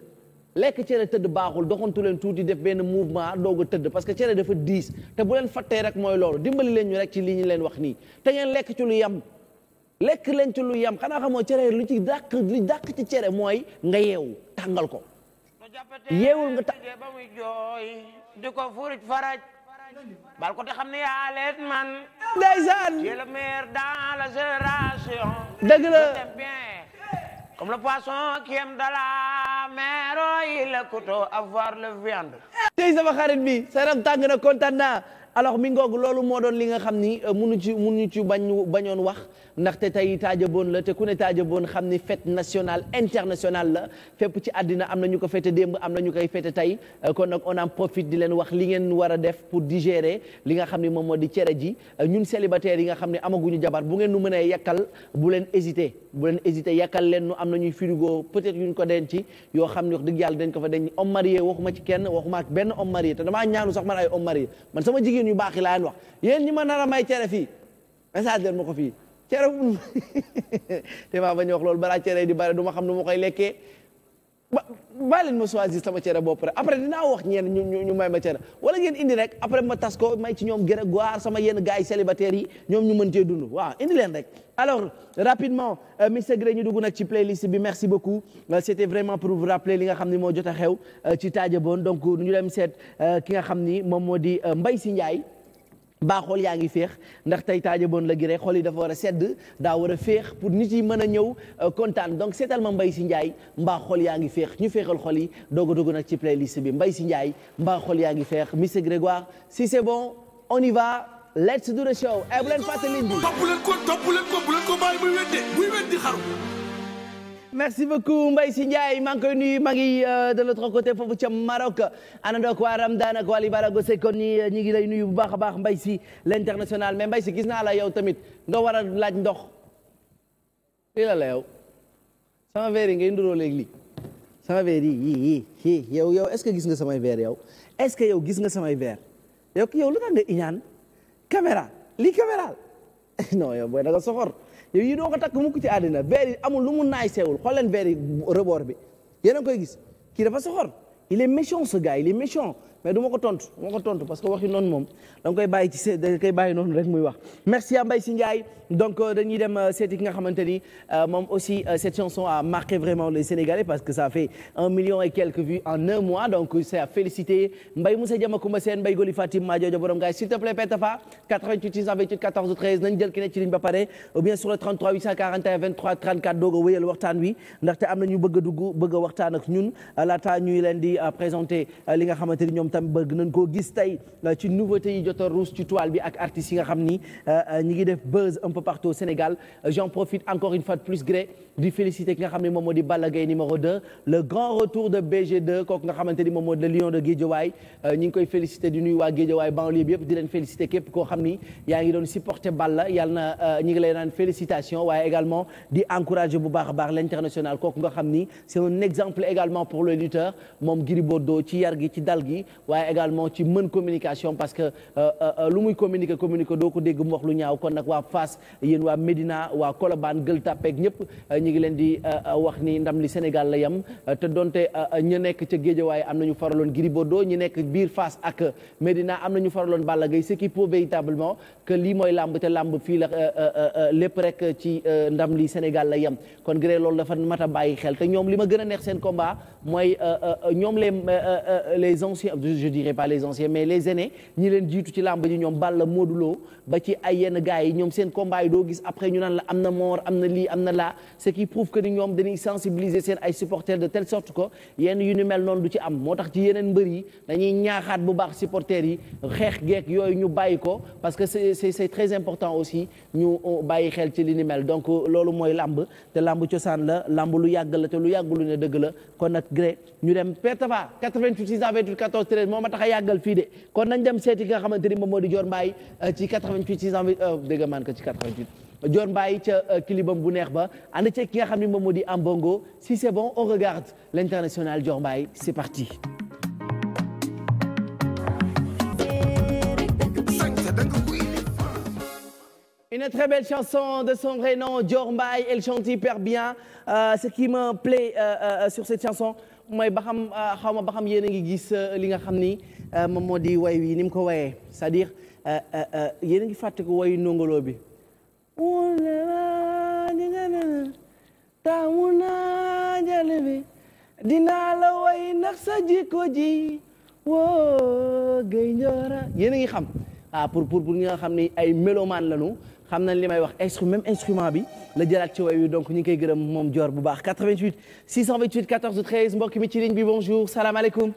lekk cere tëdd baaxul doxantu leen tuuti def benn mouvement doog a tëdd parce que cere dafa diis te bu leen fattee rek mooy loolu dimbali leen ñu rek ci li ñu leen wax nii te ngeen lekk ci lu yem lekk leen ci lu yem xanaa xamoo cere lu ci dàq li dàq ci cere mooy nga yeewu tàngal ko yeewul nga ta ba muy jooy di ko furit faraj ko te xam ne yaa leen man ndeysaan dëgg la Comme le poisson qui aime de la mer, il la couteau à voir le viande. tey xarit bi sa yaram na kontaan naa alors mi ngoog loolu moo doon li nga xam ni euh, mënu ci mënu ci bañ bañoon wax. ndaxte tey taajaboon la te ku ne taajaboon xam ni fête nationale internationale la fépp ci àddina am na ñu ko fête démb am na ñu koy fête tey euh, kon nag on en profite di leen wax li ngeen war a def pour digérer li nga xam ni moom moo di cere ji euh, ñun célibataires yi nga xam ne amaguñu jabar bu ngeen nu mënee yàkkal bu leen hésité bu leen hésité yàkkal leen nu am nañuy frigo peut yu yuñ ko denc yoo xam ne wax dëgg yàlla dañ ko fa denc homme marié waxuma ci kenn waxumaa benn homme marié te damaa ñaanu sax man ay homme marié jigéen yu baax yi wax yéen ñi ma a may cere fii message leen ma ko fii cere te maa bañ wax loolu balaa cere di bare du ma xam nu ma koy lekkee ba baa leen ma choisir sama cere bopp rek après naa wax ñeen ñu ñu may ma cere wala ngeen indi rek après ma tas ko may ci ñoom Grégoire sama yenn gars yi célibataires yi ñoom ñu mën cee dund waaw indi leen rek alors rapidement monsieur Gré ñu dugg nag ci playlist bi merci beaucoup euh, c'était vraiment pour vous rappeler li nga xam ni moo jot a xew euh, ci Tadja Bone donc ñu dem seet euh, ki nga xam ni moom moo di Mbaye Si Ndiaye baa xool yaa ngi féex ndax tey taaja boon la gi rek xool yi dafa war a sedd daa war a féex pour nit yi mën a ñëw euh, kontaan donc seetal ma mbay si Ndiaye mbaa xool yaa ngi féex ñu féexal xool yi doog a dugg nag ci playlist bi mbay si Ndiaye mbaa xool yaa ngi feex Monsieur Grégoire si c'est bon on y va let's do the show. Eh, bu leen fàttali bi topp leen ko topp leen ko bu leen ko bàyyi muy wedde muy weddi xaru. merci beaucoup Mbaye Sy Ndiaye maa ngi koy nuyu maa ngi euh, de l'autre côté foofu ca Maroc àndandoo ak waa Ramdan ak waa Libarago Seck kon ni euh, ngi lay nuyu bu baax a baax Mbaye Sy l'international mais Mbaye si gis naa la yow tamit nga war a laaj ndox lii la la yow sama verre yi ngay nduroo léegi lii sama verre yi yi yow yow est-ce que gis nga samay verre yow est-ce que yow gis nga samay verre yow yow lu tax nga iñaan caméra lii caméra non yow booy da nga soxor yow yi doo ko takk mukk ci àddina verre yi amul lu mu naay seewul xool leen verre yi rebord bi yéen a koy gis kii dafa soxor il est méchant ce gars il est mais du ma ko parce que waxi noonu moom da nga koy bàyyi rek muy wax merci à Mbaye Sy donc euh, dañuy dem euh, seeti ki nga xamante euh, aussi cette chanson a marqué vraiment les Sénégalais parce que ça fait un million et quelques vues en un mois donc c'est à féliciter Mbaye Moussa Diamacoumba Sène Mbaye Goli Fatim Madiodio Borom Gaay s'il te plaît Petafa 88 628 14 13 nañ jël ki ne ou bien sur le 33 841 23 34 doog a wéyal waxtaan wi tam bëgg nañ koo gis tey euh, ci nouveauté yi jot a ruus ci toile bi ak artistes yi nga xam ni euh, euh, ñi ngi def buzz un peu partout au Sénégal j'en profite encore une fois de plus gré di féliciter ki nga xam ne moom moo di Balla Gaye numéro 2 le grand retour de BG2 kooku nga xamante ni moom moo di le lion de Guédiawaye ñi ngi koy féliciter di nuyu waa Guédiawaye banlieue bi yëpp di leen féliciter képp koo xam ni yaa ngi doon supporter Balla yàlla na ñi ngi lay naan félicitation waaye également di encourager bu baax a baax l'international kooku nga xam ni c'est un exemple également pour le lutteur moom Gris Bordeaux ci yar gi ci dal gi waaye également ci mën communication parce que lu muy communiquer communiquer doo ko dégg mu lu ñaaw kon nag waa Fass yéen waa Médina waa Colobane Gueule Tapée ak ñëpp ñu ngi leen di wax nii ndam li Sénégal la yem te donte ñu nekk ca waaye am nañu faraloon Gris doo ñu nekk biir fas ak Médina am nañu faraloon Balla Gaye ce qui pour véritablement que lii mooy làmb te làmb fii la lépp rek ci ndam li Sénégal la yem kon gré loolu dafa mat a bàyyi xel te ñoom li ma gën a neex seen combat mooy ñoom les les anciens je dirais pas les anciens mais les aînés ñi leen jiitu ci làmb ji ñoom Balla Modou Lo ba ci ay yenn gars ñoom seen combat yi doo gis après ñu naan la am na mort am na lii am na laa ce qui prouve que ni ñoom dañuy sensibiliser seen ay supporters de telle sorte que yenn yu ni mel noonu du ci am moo tax ci yeneen mbër yi dañuy ñaaxaat bu baax supporters yi xeex geek yooyu ñu bàyyi ko parce que c'est c'est très important aussi ñu euh, bàyyi xel ci li ni mel donc euh, loolu mooy làmb te làmb cosaan la làmb lu yàgg la te lu yàgg lu ne dëgg la 93 moo ma tax a yàggal fii de kon nañ dem seeti ki nga xamante ni moom moo di Dior Mbaye euh, ci 88 628 euh, dégg man ko ci 88 ba Mbaye ca kilibam euh, bu neex ba ànd ceeg ki nga xam ne moom moo di am bongo si c'est bon on regarde l'international Dior Mbaye c'est parti. Une très belle chanson de son vrai nom Dior Mbaye elle chante hyper bien euh, ce qui me plaît euh, euh, sur cette chanson mooy ba xam euh, xaw ma ba xam yéen a ngi gis euh, li nga xam ni euh, moom moo di way wi ni mu ko wayee c'est-à-dire yéen a ngi fàttaliku wayu ndongoloo bi taamu naa jale bi dinaa la way ndax sa ji woo gay njoora yéen ngi xam ah pour pour pour ñi nga xam ni ay méloman lañu xam nañ li may wax instru même instrument bi la jëlaat ci way wi donc ñu ngi koy gërëm moom Dior bu baax 88 628 14 13 mbokk mi ci ligne bi bonjour salaamaaleykum.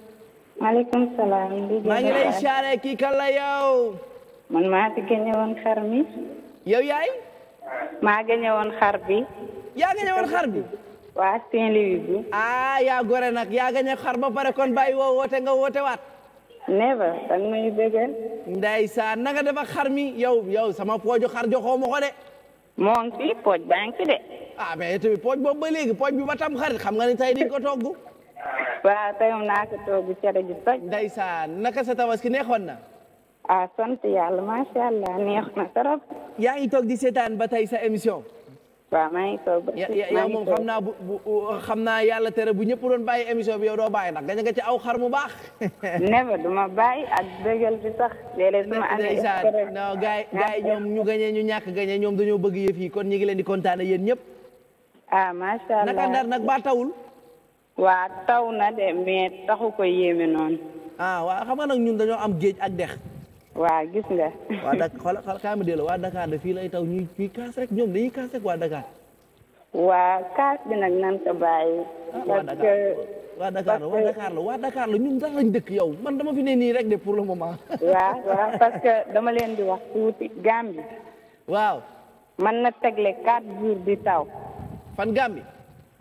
maaleykum salaam. maa ngi lay siyaare kii kan la yow. man maa ci gagné woon xar mi. yow yaay. maa gagné woon xar bi. yaa gagné woon xar bi. waa Saint-Louis bi. ah yaa gore nag yaa gagné xar ba pare kon bàyyi woo woote nga woote waat. never danga may bëggal. ndeysaan nanga dafa xar mi yow yow sama poojo xar joxoo ma ko de. moo pooj baa ngi fi de. ah mais pooj boobu ba léegi pooj bi ba tam xarit xam nga ni tey di ko togg. waaw tey moom naa ko togg cere ji toj. ndeysaan naka sa tabaski neexoon na. ah sant yàlla macha allah neex na trop. yaa ngi toog di seetaan ba tey sa émission. waaw maa moom xam naa bu bu xam naa yàlla tere bu ñëpp doon bàyyi émission bi yow doo bàyyi nag gañ nga ci aw xar mu baax. never du ma bàyyi ak dëggal bi sax. léeg-léeg du amee non gaay gaay ñoom ñu gañee ñu ñàkk gañee ñoom dañoo bëgg yëf yi kon ñu ngi leen di kontaane yéen ñëpp. ah nag baa tawul. waa taw na de mais taxu ko yéeme noonu. ah waaw xam nga nag ñun dañoo am géej ak dex. waaw gis nga. waa da xoolal xoolal kaa ma Dakar de fii lay taw ñuy ñuy kaas rek ñoom dañuy kaas rek waa Dakar. waa kaas bi nag nan ko bàyyi. Ah, parce que waa Dakar la waa Dakar la ñun sax lañ dëkk yow man dama fi ne nii rek de pour le moment. waaw waaw dama leen di wax tuuti Gambie. waaw. man na tegle quatre jours di taw. fan Gambie.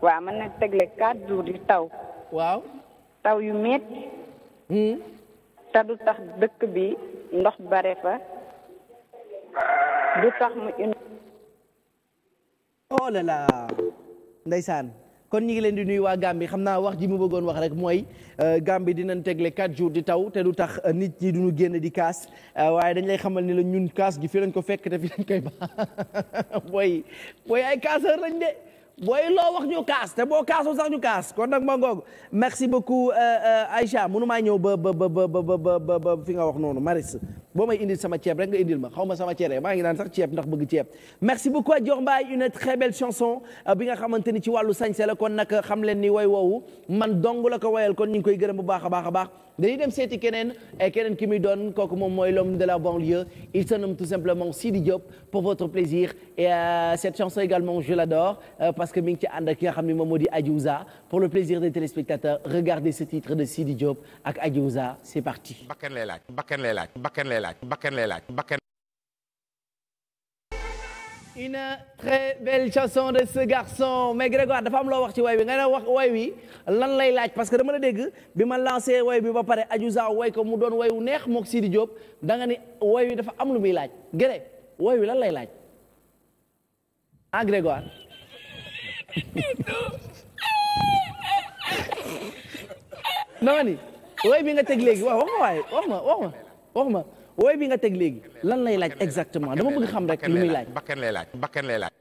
waaw man na tegle quatre jours di taw. waaw. taw yu métti. Hmm? te du tax dëkk bi ndox bare fa du tax mu in oh là là ndeysaan kon ñi ngi leen di nuyu waa Gambie xam naa wax ji mu bëggoon wax rek mooy euh, Gambie dinañ tegle 4 jours di taw te du tax euh, nit ñi duñu génn di kaas euh, waaye dañ lay xamal ni la ñun kaas gi fi lañ ko fekk te fi lañ koy ba booy booy ay kaaseur lañ de way loo wax ñu kaas te boo kaasu sax ñu kaas kon nag ma ngoog merci beaucoup euh, euh, Aïcha mënu maa ñëw ba ba ba ba ba ba fi nga wax noonu Maris boo may indil sama ceeb rek nga indil ma xaw ma sama ceeb maa ngi naan sax ceeb ndax bëgg ceeb merci beaucoup à Dior Mbaye une très belle chanson euh, bi nga xamante ni ci wàllu sañse la kon nag xam leen ni way woowu man dong la ko woyal kon ñu ngi koy gërëm bu baax a baax a baax dañuy dem seeti keneen keneen ki muy doon kooku moom mooy l'homme de la banlieue il se nomme tout simplement Sidi Diop pour votre plaisir et euh, cette chanson également je l'adore euh, parce que mi ngi ci ànd ki nga xam ni moom moo di Adiouza pour le plaisir des téléspectateurs regardez ce titre de Sidi Diop ak Adiouza c'est parti. bakkan lay lay laaj bakkan lay laaj bakkan une très belle chanson de ce garçon mais Grégoire dafa am loo wax ci way wi nga ne wax woy wi lan lay laaj parce que dama la dégg bi ma lancé way bi ba pare aju Adiouza way ko mu doon woy wu neex mook Sidi Diop da nga ni woy wi dafa am lu muy laaj Gré way wi lan lay laaj ah ni way bi nga teg léegi waaw wax ma waaye wax ma wax ma wooy bi nga teg léegi lan lay laaj exactement dama bëgg xam rek lu muy laaj bakken lay laaj bakken lay laaj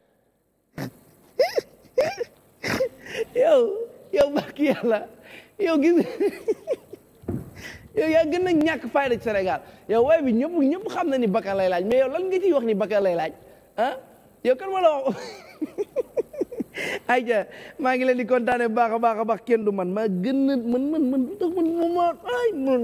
yow gën na ñàkk fayda ci Sénégal yow wooy bi ñëpp ñëpp xam na ni bakkan lay laaj mais yow lan nga ciy wax ni bakkan lay laaj ah yow kan ma la wax ayca maa ngi leen di kontaane baax a baax a baax kenn du man maa gën a man mën man du tax man moom ay man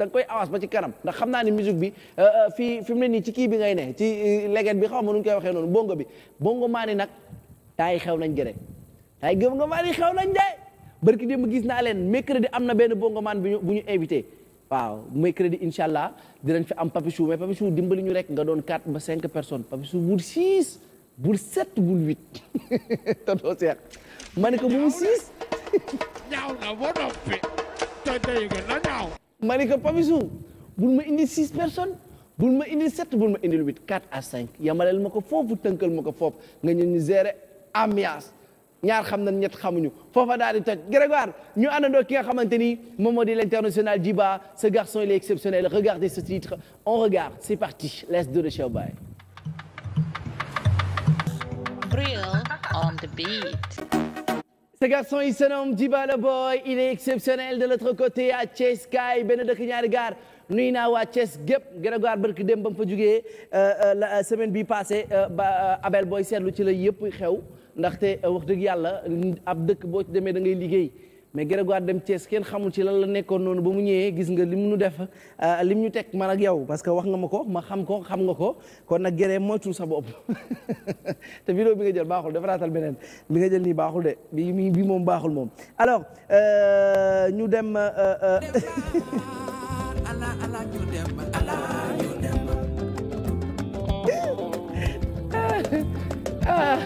da koy avance ba ci kanam ndax xam naa ni musique bi euh, euh, fii fi mu ne nii ci kii bi ngay ne ci euh, leget bi xaw ma nu ñu koy waxee noonu bongo bi bongo maani ni nag taay xew nañ gërëm taay gëm nga maa xew nañ de barki ma gis naa leen mercredi am na benn bongo maan bu ñu bu ñu invité waaw mercredi incha allah dinañ fi am Papichou mais Papichou dimbali ñu rek nga doon 4 ba 5 personnes Papichou bul 6 bul 7 bul 8 te doo seex ma ne ko bu mu 6. ñaaw na boo noppi te day gën a ñaaw. ma ne ko Papichou bul ma indi six personnes bul ma indi sept bul ma indi huit quatre à cinq yamaleel ma ko foofu tënkal ma ko foofu nga ñëw ñu gérer ambiance ñaar xam na ñett xamuñu foofa daal di toj Grégoire ñu àndandoo ki nga xamante ni moom moo di l'international Djiba ce garçon il est exceptionnel regardez ce titre on regarde c'est parti let's do the show Ce garçon, il se nomme Djibala Boy. Il est exceptionnel de l'autre côté à Thiès Kaay benn dëkk ñaari gaar nuyu naa waa Thiès gépp gën a gaar barki dem ba mu fa jugee euh, euh, la euh, semaine bii passée ba Abel Boy seetlu ci la yëpp xew ndaxte wax dëgg yàlla ab dëkk boo demee da ngay liggéey. mais Grégoire dem Thiès kenn xamul ci lan la nekkoon noonu ba mu ñëwee gis nga lim ñu def euh, lim ñu teg man ak yow parce que wax nga ma ko ma xam ko xam nga ko kon nag géré moytul sa bopp te vidéo bi nga jël baaxul defaraatal beneen bi nga jël nii baaxul de bi bi moom baaxul moom alors euh, ñu dem ala euh, ah,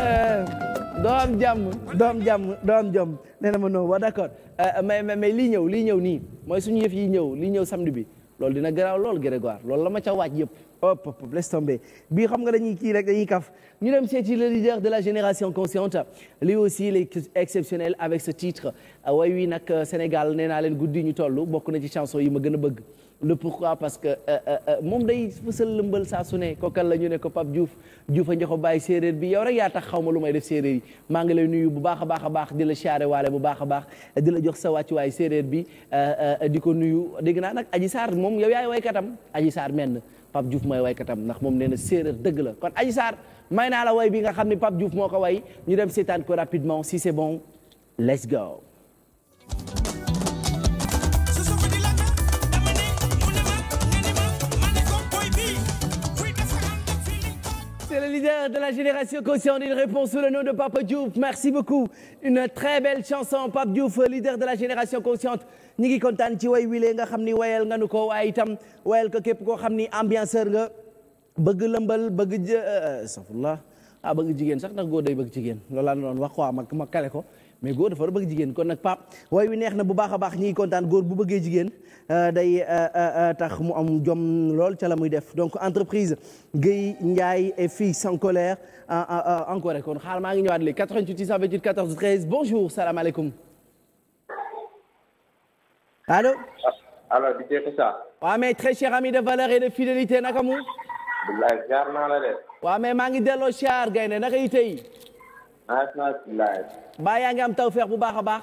ah. doo am jàmm doo am jàmm doo am jom nee na ma non waa d'accord euh, mais mais lii ñëw lii ñëw nii mooy suñu yëf yi ñëw lii ñëw samedi bi loolu dina garaaw lool Grégoire loolu la ma ca waaj yëpp hop hop laisse bii xam nga dañuy kii rek dañuy kaf ñu dem seeti le leader de la génération consciente lui aussi il est exceptionnel avec ce titre way euh, wii nag euh, Sénégal nee naa leen guddi ñu toll bokk na ci chanson yi ma gën a bëgg le pourquoi parce que euh, euh, euh, moom day fësal lëmbal saa su ne ko la ñu ne ko Pape Diouf Diouf a njoxo bàyyi séeréer bi yow rek yaa tax xaw ma lu may def séeréer yi maa ngi lay nuyu bu baax a baax a baax di la siyaare waale bu baax a baax di la jox sa wàcc wàccuwaay séeréer bi di ko nuyu dégg naa nag Adji Sarr moom yow yaay waykatam Adji Sarr menn Pape Diouf mooy waykatam ndax moom nee na séeréer dëgg la kon Adji Sarr may naa la way bi nga xam ne Pape Diouf moo ko way ñu dem seetaan ko rapidement si c'est bon let's go C'est le leader de la génération consciente une réponse sous le nom de Papa Diouf merci beaucoup une très belle chanson Pape Diouf leader de la génération consciente ñi ngi kontaan ci way wile nga xam ni wayal nga nu ko waaye itam wayal ko képp koo xam ni ambianceur nga bëgg lëmbal bëgg euh, euh, safullah a ah, bëgg jigéen sax ndax góor day bëgg jigéen loolu laa doon wax quoi ma ma kale ko mais góor dafa war a bëgg jigéen kon nag pap way wi neex na bu baax a baax ñiy kontaan góor bu bëggee jigéen euh, day euh, euh, tax mu am jom lool ca la muy def donc entreprise Guèye Ndiaye et filles sans colère encore rek kon xaar maa ngi ñëwaat léegi 88 628 14 13 bonjour salaamaaleykum allo. Ah, allo di Cheikh Issa. waaw mais très cher ami de valeur et de fidélité naka mu. mais maa ngi delloo siyaar gaynde tey. maa ngi sant Baye yaa ngi am tawféex bu baax a baax.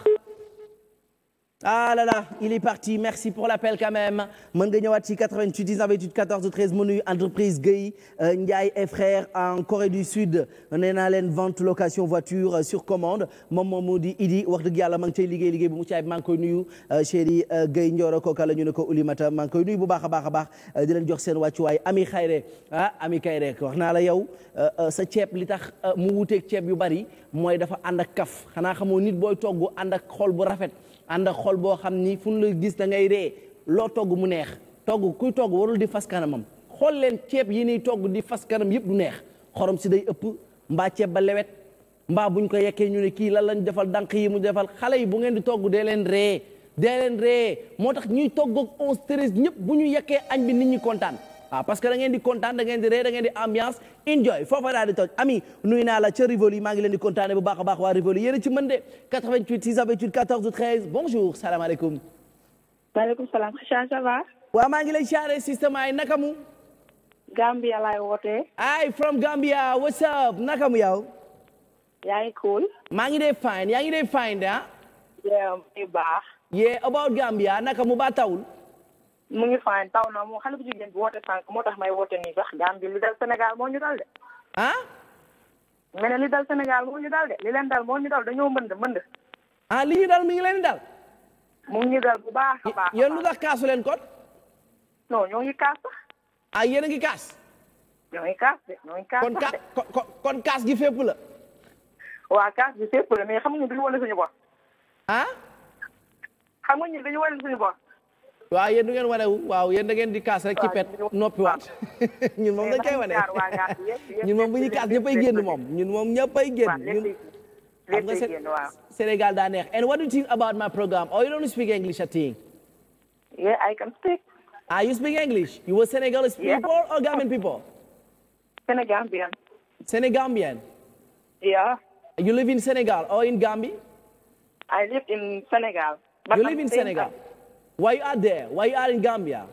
ah là là il est parti merci pour l'appel quand même mën nga ñëwaat ci 88 19 28 14 13 mu nuyu entreprise Guèye euh, Ndiaye et frères en Corée du Sud nee naa leen vente location voiture euh, sur commande moom moom moo di Idi wax dëgg yàlla maa ngi cay liggéey liggéey bu mu caay maa ngi koy nuyu euh, chéri Guèye Ndioro kooka la ñu ne ko Oulimata maa ngi koy nuyu bu baax a baax a baax di leen jox seen wàccuwaay Ami Khayre ah Ami Khayre wax naa la yow sa ceeb li tax mu wuuteeg ceeb yu bari mooy dafa ànd ak kaf xanaa xamoo nit booy togg ànd ak xol bu rafet. ànd ak xol boo xam ni fu ñu la gis da ngay ree loo togg mu neex togg kuy togg warul di fas kanamam xool leen ceeb yi niy togg di fas kanam yëpp du neex xorom si day ëpp mbaa ceeb ba lewet mbaa buñ ko yekkee ñu ne kii lan lañ defal dànq yi mu defal xale yi bu ngeen di togg dee leen ree dee leen ree moo tax ñuy togg ak onze treize ñëpp bu ñu yekkee añ bi nit ñi kontaan Ah, parce que da di kontaan da ngeen di ree da ngeen di ambiance enjoy foofa daal di toj ami nuyu naa la ca Rivoli maa ngi leen di kontaane bu baax a baax waa Rivoli yéen ci mën de 88 628 14 13 bonjour salaamaaleykum. maaleykum salaam Kheucha ça va. waaw maa ngi lay siyaare système ay naka mu. Gambia laay wootee. ay from Gambia what's up naka yaa ngi cool. maa ngi dee fine yaa ngi dee fine de ah. about Gambia naka mu ba tawul. mu ngi faan taw na moom xale bu jigéen bi woote sànq moo tax may woote nii sax Gambie li dal Sénégal moo ñu dal de. ah. mais li dal senegal moo ñu dal de li leen dal moo ñu dal dañoo mënd mënd. ah li ñu dal mi ngi leen dal. mu ngi dal bu baax a baax. yéen lu tax kaasu leen kon. non ñoo ngi kaas sax. ah yéen a ngi kaas. ñoo ngi kaas de ñoo ngi kaas kon ka kon kon kaas gi fépp la. wa kaas gi fépp la mais xam nga ñu dañu wane suñu bor. ah. xam nga ñu dañu wane suñu bor. waaw yéen du ngeen wane wu waaw yéen da ngeen di kaas rek ci pet noppiwaat ñun moom dañ koy wane ñun moom bu ñuy kaas ñëppay génn moom ñun moom ñëppay génn ñun xam nga Sénégal daa neex and what do you think about my program or oh, you don't speak English at thing yeah I can speak ah you speak English you were Senegalese people or Gambian people Senegambian Senegambian yeah you live in Senegal or in Gambia I live in Senegal you live in Senegal Why you are there? Why you are in Gambia?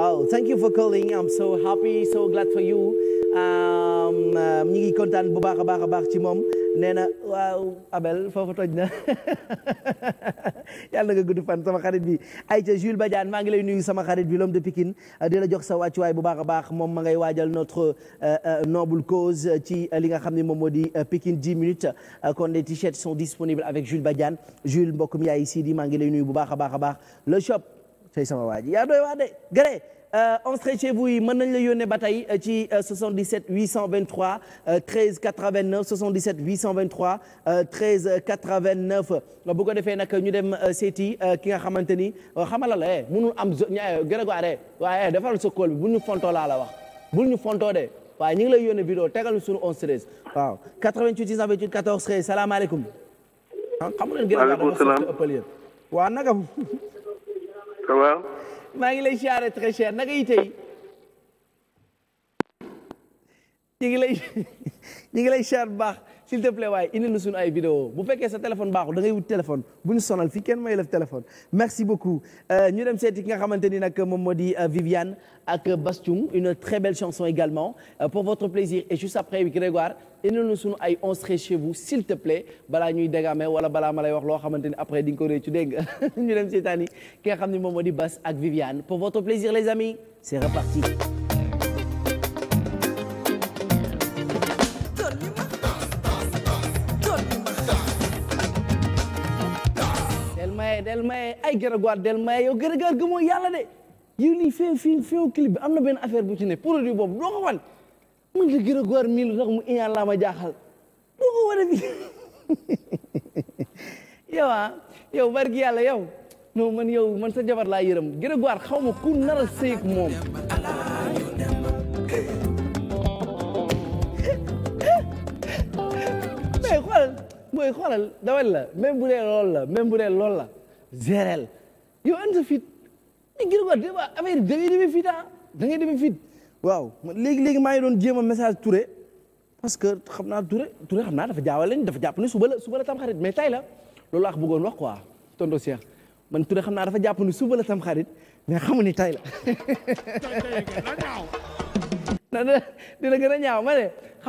Oh, thank you for calling. I'm so happy, so glad for you. Um, uh, ñu ngi kontaan bu baax a baax a baax ci moom. nee na waaw Abel foofu toj na yàlla nga gudd fan sama xarit bi ay ayca Jules Badiane maa ngi lay nuyu sama xarit bi l'homme de Pikine di jox sa wàccuwaay bu baax a baax moom ma ngay waajal notre euh, euh, noble cause ci li nga xam ne moom moo di euh, Pikine 10 minutes kon les t-shirts sont disponibles avec Jules Badiane Jules mbokk mi yaay Sidi maa ngi lay nuyu bu baax a baax a baax le shop tey sama waa ji yaa doy waa de Euh, entrée chez vous yi mën nañ la yónnee ba tey euh, ci 77 823 13 89 77 823 13 89 bu ko defee nag ñu dem euh, seeti ki nga xamante ni xamala la eh mënul am eh, gën a gaaree waaye eh, defal sa kool bi bul ñu fontoo laa la wax bul ñu fontoo de waaye ñu ngi lay yónnee vidéo tegal ñu sunu 11 13 waaw 88 98 14 13 salaamaaleykum. Ah. xam nga leen gën a gaaree maaleykum salaam waaw naka. ça va. maa ngi lay siyaare très cher naka yi tey ñu ngi lay ñu ngi lay siyaar bu baax s'il te plaît waaye indil na suñu ay vidéo bu fekkee sa téléphone baaxul da ngay wut téléphone bu ñu sonal fii kenn may lef téléphone merci beaucoup euh, ñu dem seeti ki nga xamante ni nag moom moo di euh, Viviane ak Bastoum une très belle chanson également euh, pour votre plaisir et juste après Grégoire indil na suñu ay on serait chez vous s'il te plaît balaa ñuy dégamé wala balaa ma lay wax loo xamante ni après di nga ko réccu dégg nga dem seetaani ki nga xam ne moom moo di Bas ak Viviane pour votre del maye ay gërëgoor del maye yow gërëgoor gi yàlla de yow lii fii fii fii clip bi am na benn affaire bu ci ne produit boobu doo ko wan mun la gërëgoor mii lu tax mu iñaan laa ma jaaxal doo ko wane bi yow ah yow barki yàlla yow non man yow man sa jabar laa yërëm gërëgoor xaw ma ku nar a moom mais xoolal mooy xoolal dawal la même bu dee loolu la même la gérel yow an sa fit di gir ko déba affaire da ngay demee fit ah da ngay fit waaw léegi-léegi maa ngi doon jéem a message Touré parce que xam naa Touré ture xam naa dafa jaawale ni dafa jàpp ne suba la suba tam xarit mais tay la loolu laa bëggoon wax quoi tonton Cheikh man Touré xam naa dafa jàpp ne suba la tam xarit mais xamu ni tay la dina xam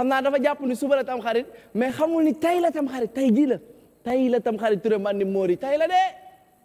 naa dafa jàpp ni suba la tam xarit mais xamul ni tay la tam xarit tay la tay la tam xarit Touré man ni moori tay la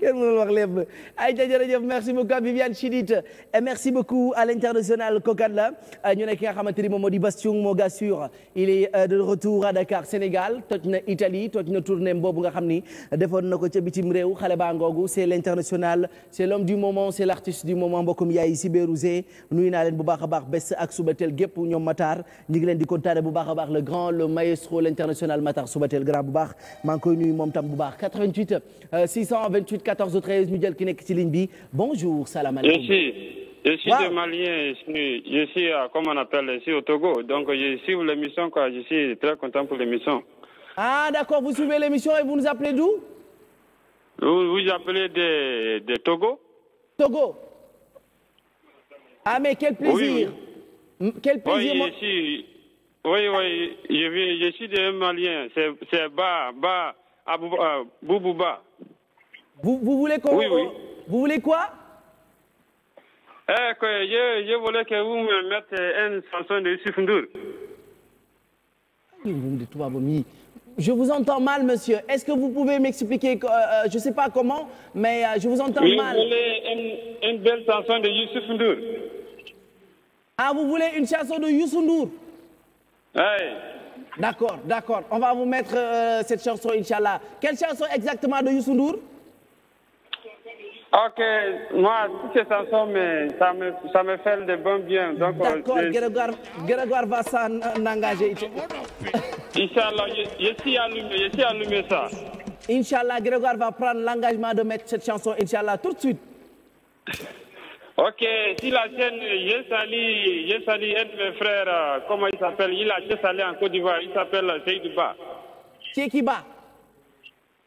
kenn mënul wax lépp ay ca jërëjëf merci beaucoup à Viviane Chidit et merci beaucoup à l'international Kokalla euh, ñu nekk ki nga xamante ni moom moo di Bastiung moo gaa sûr il est euh, de retour na Italie toj na tournée boobu nga xam ni defoon na ko ca bitim réew xale baa ngoogu c'est l'international c'est l'homme du moment c'est l'artiste du moment mbokkum yaay si Bérouzé nuyu naa leen bu baax a baax bés ak subatel gépp ñoom Matar ñu ngi leen di kontaane bu baax a baax le grand le maestro l'international Matar subatel grand bu baax maa ngi koy nuyu moom tam bu baax 14 au ki nekk ci ligne bi bonjour je suis de Malien, je suis, je suis à, comme on appelle au Togo. Donc je suis l'émission quoi, je suis très content pour l'émission. Ah d'accord, vous suivez l'émission et vous nous appelez d'où? Vous appelez de Togo? Togo. Ah mais quel plaisir. Oui, oui. je suis, de Malien, c'est c'est Ba Boubou Ba. Euh, Vous, vous voulez quoi eh, je, voulais que vous mettez une chanson de Youssef Ndour. Je vous entends mal, monsieur. Est-ce que vous pouvez m'expliquer, euh, euh je ne sais pas comment, mais euh, je vous entends je mal. une, belle chanson de Youssef Ndour. Ah, vous voulez une chanson de Youssef Ndour D'accord, On va vous mettre euh, cette chanson, Inch'Allah. Quelle chanson exactement de Youssef Ndour Ok, moi, toutes ces chansons, mais ça me, ça me de bons biens. Donc, euh, D'accord, va s'en engager. Inch'Allah, je, je, suis allumé, je suis allumé ça. Inch'Allah, Grégoire va de mettre chanson, Inch'Allah, tout de suite. Ok, si la chaîne, je salue, je salue un de mes frères, euh, comment il s'appelle Il a salé en Côte d'Ivoire, il s'appelle Seydouba. Qui est qui bat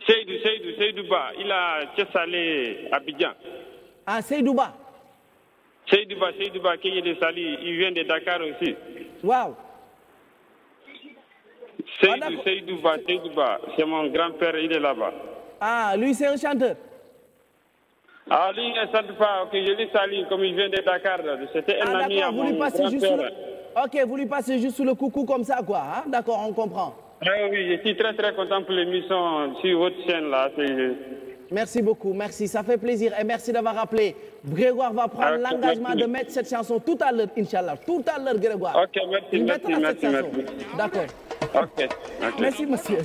Seydou Seydou Seydou Ba il a Thiès-Salé Abidjan. Ah Seydou Ba. Seydou Ba Seydou Ba qui est de Saly il vient de Dakar aussi. Waaw. Seydou ah, Seydou Ba Seydou Ba c'est mon grand-père il est là-bas. Ah lui c'est un chanteur. Ah lui il ne chante ok je dis Saly comme il vient de Dakar c'était un ah, ami à mon grand-père. Le... OK vous lui passez juste le coucou comme ça quoi d'accord on comprend. Ah Merci beaucoup, merci, ça fait plaisir et merci d'avoir appelé. Grégoire va prendre ah, l'engagement de mettre cette chanson tout à l'heure, Inch'Allah, tout à l'heure Grégoire. OK, merci, Il merci, merci, merci. D'accord. Okay, OK. Merci monsieur.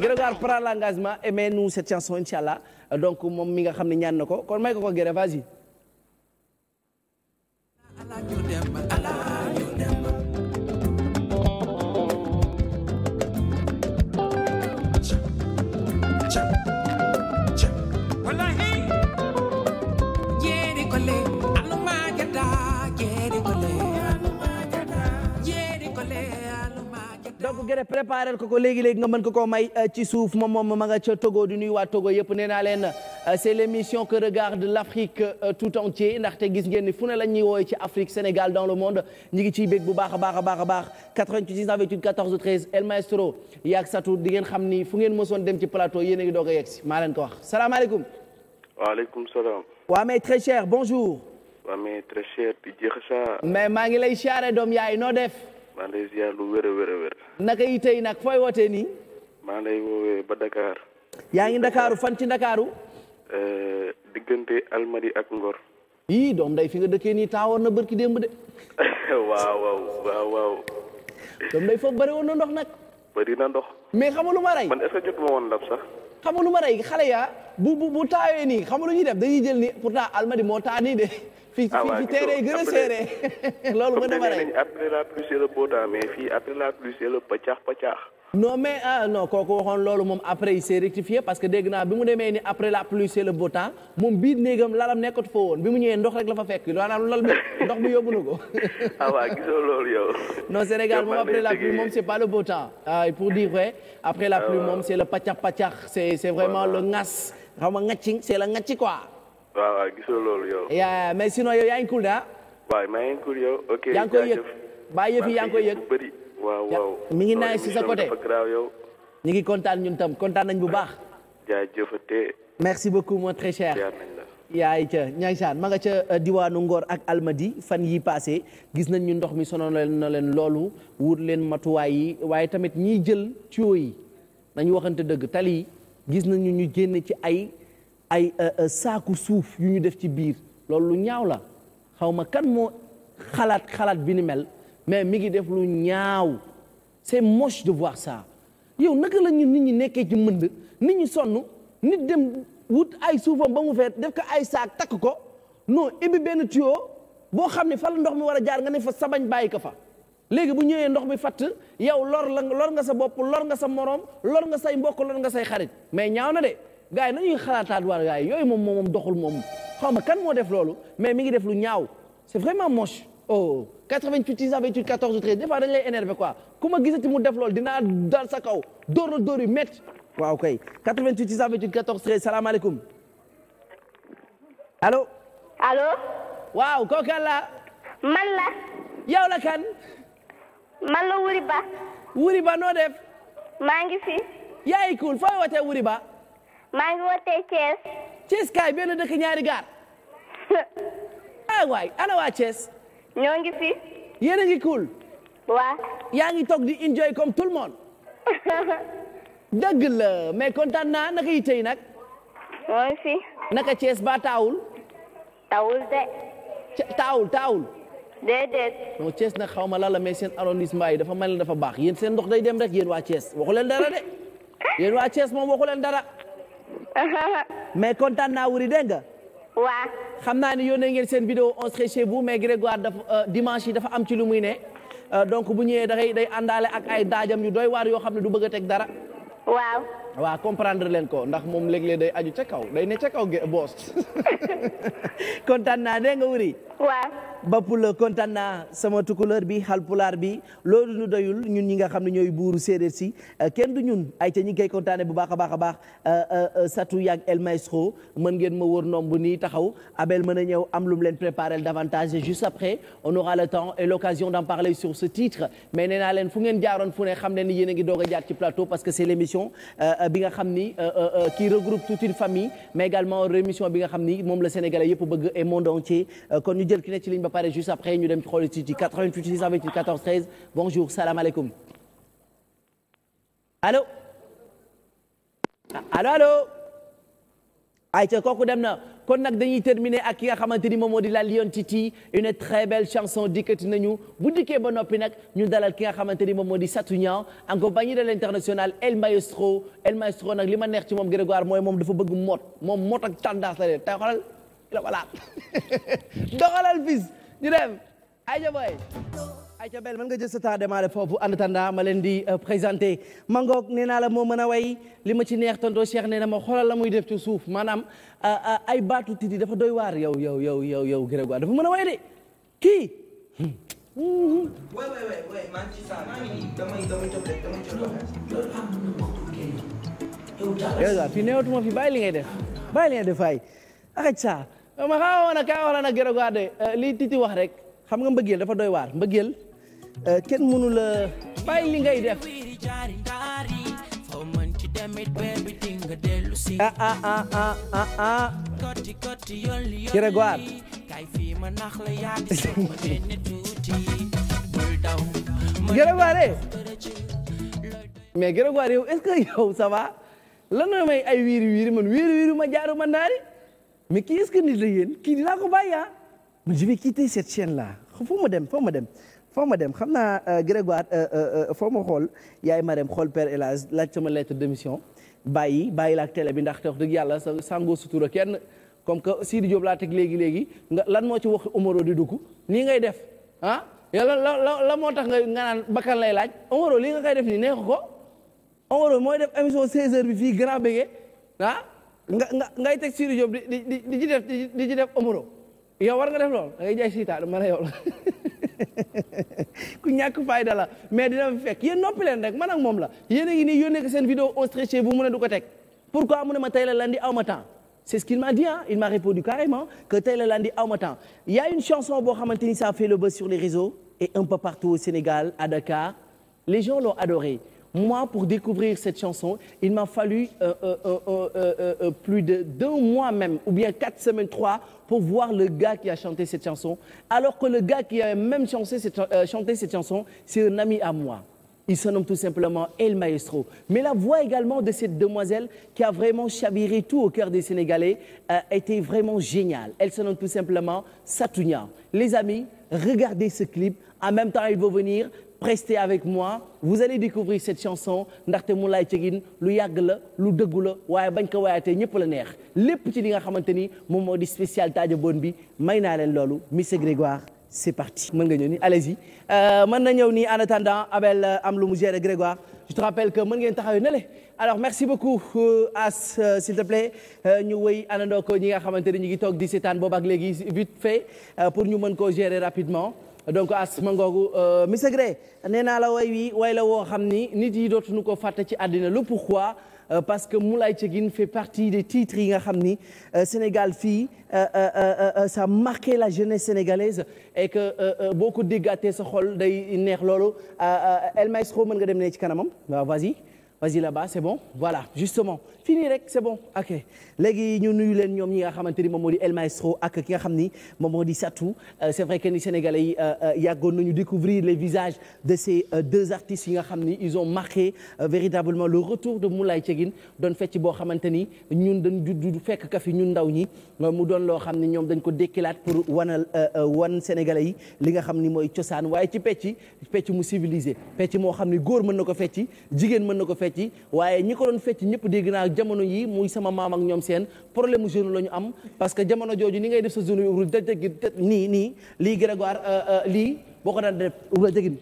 Grégoire prend l'engagement et met nous cette chanson Inch'Allah. Donc moom mi nga xam ne ñaan na ko kon may ko ko Grégoire vas-y. gere préparer ko ko léegi-léegi nga mën ko koo may euh, ci suuf moom moom ma nga ca Togo di nuyu waa Togo yëpp nee euh, c'est l'émission que regarde l'Afrique euh, tout entier ci a a baax a El Maestro yaag Satou di ngeen ni fu ngeen mosoon dem ci plateau yéen a ngi doog a yegsi maa wax salaamaaleykum waaleykum très cher bonjour mais très lay siyaare doom yaay noo def maa lu wér a wér naka yi tey nag fooy wootee nii. maa lay woowee ba Dakar. yaa ngi Ndakaaru fan ci Ndakaaru. Euh, diggante Almadi ak Ngor. yii doom day fi nga dëkkee nii taawoon na bërki démb de. waaw waaw waaw waaw. doom day foofu bëri woon na ndox nag. bëri ndox. mais xamu lu ma rey. man est-ce que lab sax. xam nga lu ma rey xale yaa bu bu bu taawee nii xam nga lu ñuy def dañuy jël ni pourtant almadi moo taa nii de. fii teere yi gën a seere loolu ma dama rey après la pluie c'est le beau temps mais fii après la pluie c'est le paccax paccax non mais ah non kooku waxoon loolu moom après il s'est rectifié parce que dégg naa bi mu demee ni après la pluie c'est le beau temps moom biir néegam lalam nekkatu fa woon bi mu ñëwee ndox rek la fa fekk maanaam lal bi ndox bi yóbbu na ko. ah waaw gisoo loolu yow. non Sénégal moom après la pluie moom c'est pas le beau temps. ah pour dire vrai après la ah pluie moom c'est le pàccax pàccax c'est vraiment le ngas xam nga ngacci c'est le ngacci quoi. waaw ah waaw gisoo loolu yow. yaa mais sinon yow yaa ngi ah? koy yëg waaw waaw mi ngi naay si sa côté ñu ngi kontaan ñun tam kontaan nañ bu baax. merci beaucoup mon très cher. yaay ca ñaysaan ma nga ca euh, diwaanu Ngor ak Almadi fan yi passé gis nañ ñu ndox mi sono leen na leen loolu wut leen matuwaay yi waaye tamit ñiy jël tuyau yi nañu waxante dëgg tali yi gis nañu ñu génn ci ay ay euh, euh, saaku suuf yu ñu def ci biir loolu lu ñaaw la xawma ma kan moo xalaat xalaat bi ni mel. mais mi ngi def lu ñaaw c'est moche de voir saa yow naka la ñu nit ñi nekkee ci mënd nit ñi sonn nit dem wut ay suufam ba mu feet def ko ay saak takk ko non ibi benn tuyau boo xam ne fa la ndox mi war a jaar nga ne fa sabañ bàyyi ko fa léegi bu ñëwee ndox mi fatt yow lor la lor nga sa bopp lor nga sa morom lor nga say mbokk lor nga say xarit mais ñaaw na de gars yi nañuy xalaataat war gars yi yooyu moom moom doxul moom xaw ma kan moo def loolu mais mi ngi def lu ñaaw c'est vraiment moche oh 88 628 14 13 des fois dañ lay énervé quoi ku ma gisati mu def loolu dinaa dal sa kaw dóor la dóor yu met waaw kay 88 628 14 13 salaamaaleykum allo. allo. waaw kooku kan la. man la. yow la kan. man la Wuri Ba. Wuri Ba noo def. maa ngi fi. yaa ngi cool fooy wootee Wuri Ba. maa ngi wootee Thiès. Thiès kaay benn dëkk ñaari gaar. ah waay ana waa Thiès. ñoo ngi fi. yéen ngi cool. waaw. yaa ngi toog di enjoy comme tout le monde. dëgg la mais kontaan naa naka yi tey nag. moo ngi fi. naka Thiès ba taawul. taawul de. taawul taawul. déedéet. moo Thiès nag xaw ma la la mais seen arrondissement yi dafa mel ni dafa baax yéen seen ndox day dem rek yéen waa Thiès waxu leen dara de yéen waa Thiès moom waxu leen dara. mais kontaan naa wuri dégg nga waa xam naa ni yónnee ngeen seen vidéo on serait chez vous mais Grégoire dafa euh, dimanche yi dafa am ci lu muy ne euh, donc bu ñëwee dafay day àndaale ak ay daajam yu doy waar yoo xam ne du bëgg a teg dara waaw waaw comprendre leen ko ndax moom léeg-léeg day aju ca kaw day ne ca kaw ge boos kontaan naa dégg nga wuri waaw Bapula kontaan naa sama tukulóor bi xalpulaar bi loolu nu doyul ñun ñi nga xam ne ñooy buuru séeréer si euh, kenn du ñun ay ca ñi ngi koy kontaane bu baax a baax a baax euh, euh, Satou yaag El Maestro mën ngeen ma wër nomb nii taxaw Abel mën a ñëw am lum leen préparer davantage et juste après on aura temps et l'occasion d'en parler sur ce titre mais nee naa leen fu ngeen parce que c'est bi nga xam ni euh, euh, euh, qui regroupe toute une famille mais également rémission bi nga xam ni moom la sénégalais yëpp bëgg et monde entier kon ñu jël ki ne ci ligne ba pare juste après ñu dem ci xool bonjour salaamaaleykum allo ah, allo allo ayca kooku dem na kon nag dañuy terminer ak ki nga xamante ni moom moo di la Lion Titi une très belle chanson dikkati nañu bu dikkee ba noppi nag ñu dalal ki nga xamante ni moom moo di Satou Niang en compagnie de l'international El Maestro El Maestro nag li ma neex ci moom Grégoire mooy moom dafa bëgg mot moom mot ak tendance la leen tey xoolal la ko laal doxalal bis ay ja ayca bel mën nga jël sa temps démarrer foofu ànd tanda ma leen di euh, présenté mangoog nee naa la moo mën a way li ma ci neex tonton Cheikh nee na ma xoolal la muy def ci suuf maanaam euh, euh, ay baatu titi dafa doy waar yow yow yow yow yow Grégoire dafa mën a way de kii li ngay def bàyyi a ngay def fay saa ma xawoon na kaa waroon a Grégoire de lii titi wax rek xam nga mbëggeel dafa doy waar mbëggeel Eh, kenn mënu la bàyyi li ngay def ah ah ah ah ah ah Grégoire Grégoire eh. mais Grégoire yow est-ce que yow ça va lan la may ay wiiri wiiri man wiiri wiiri ma jaaru ma naari mais kii est-ce que la yéen kii dinaa ko bàyyi ah man je vais quitter cette chaîne là foo dem foo dem foo ma dem xam naa euh, Grégoire euh, euh, foo ma xool yaay ma dem xool per El Hadj laaj sama lettre démission bàyyi bàyyi la ak bi ndax te wax dëgg yàlla sa sangoo sutura kenn comme que Sidi Diop laa teg léegi léegi nga lan moo ci wax Omaro di dugg nii ngay def ah yàlla la la moo tax nga nga naan bakkan lay laaj omoro lii nga koy def nii neexu ko Omaro mooy def émission 16h bi fii grand bége ah nga nga ngay teg Sidi Diop di di di ci def di ci def Omaro yow war nga def lool da ngay jaay siitaat ma ne yow la ku ñàkk fayda la mais na fa fekk yéen noppi leen rek man ak moom la yéen ni ngi nii yónnee ko seen vidéo ostré chez vous mu ne du ko teg pourquoi mu ne ma tey la lundi aw ma temps c'est ce qu'il m'a dit il m'a répondu carrément que tey la lundi aw ma temps y a une chanson boo xamante ni ça fait le buzz sur les réseaux et un peu partout au Sénégal à Dakar les gens l'ont adoré Moi, pour découvrir cette chanson, il m'a fallu euh, euh, euh, euh, euh plus de deux mois même, ou bien quatre semaines, trois, pour voir le gars qui a chanté cette chanson. Alors que le gars qui a même chanté cette, chanté cette chanson, c'est un ami à moi. Il se nomme tout simplement El Maestro. Mais la voix également de cette demoiselle qui a vraiment chaviré tout au cœur des Sénégalais était vraiment géniale. Elle se nomme tout simplement Satounia. Les amis, regardez ce clip. En même temps, il va venir restez avec moi vous allez découvrir cette chanson ndaxte mu Moulay Thiegine lu yàgg la lu dëggu la waaye bañ ko waayaatee ñëpp la neex lépp ci li nga xamante ni moom moo di spécial Taja Bon bi may naa leen loolu monsieur Grégoire c'est parti. mën nga ñëw ni allez-y euh, mën na ñëw nii en attendant Abel euh, am lu mu gérer Grégoire je te rappelle que mën ngeen taxawee ne alors merci beaucoup euh, As s'il te plaît ñu wéy àndandoo ko ñi nga xamante ni ñu ngi toog di seetaan boobu ak léegi vite pour ñu mën koo gérer rapidement. donc as mangoogu ngoogu monsieur Gré nee naa la way wii way la woo xam ni nit yi dootuñu ko fàtte ci àddina le pourquoi euh, parce que ci Tcheguine fait partie de titres yi nga xam ni euh, Sénégal fii euh, ça a marqué la jeunesse sénégalaise et que boo ko déggaatee sa xol day neex loolu El Maestro mën nga dem ne ci kanamam waaw vas vas-y là-bas c'est bon voilà justement fini rek c'est bon ok léegi ñu nuyu leen ñoom ñi nga xamante ni moom moo di El Maestro ak ki nga xam ni moom moo di Satou euh, c'est vrai que ni Sénégalais yi euh, euh, yàggoon nañu découvrir les visages de ces deux artistes yi nga xam ni ils ont marqué véritablement le retour de Moulay Thiegin doon fecc boo xamante ni ñun dañ judd fekk ka fi ñun ndaw ñi mu doon loo xam ni ñoom dañ ko dékkilaat pour wanal wan Sénégalais yi li nga xam ni mooy cosaan waaye ci pecc pecc pecc moo xam ni fecc waaye ñi ko doon fecc ñëpp dégg naa jamono yi muy sama maam ñoom seen problème mu jeune am parce que jamono jooju ni ngay def sa jeune yu rul jajjagi nii nii lii Grégoire euh, euh, lii boo ko daan def ura jëgin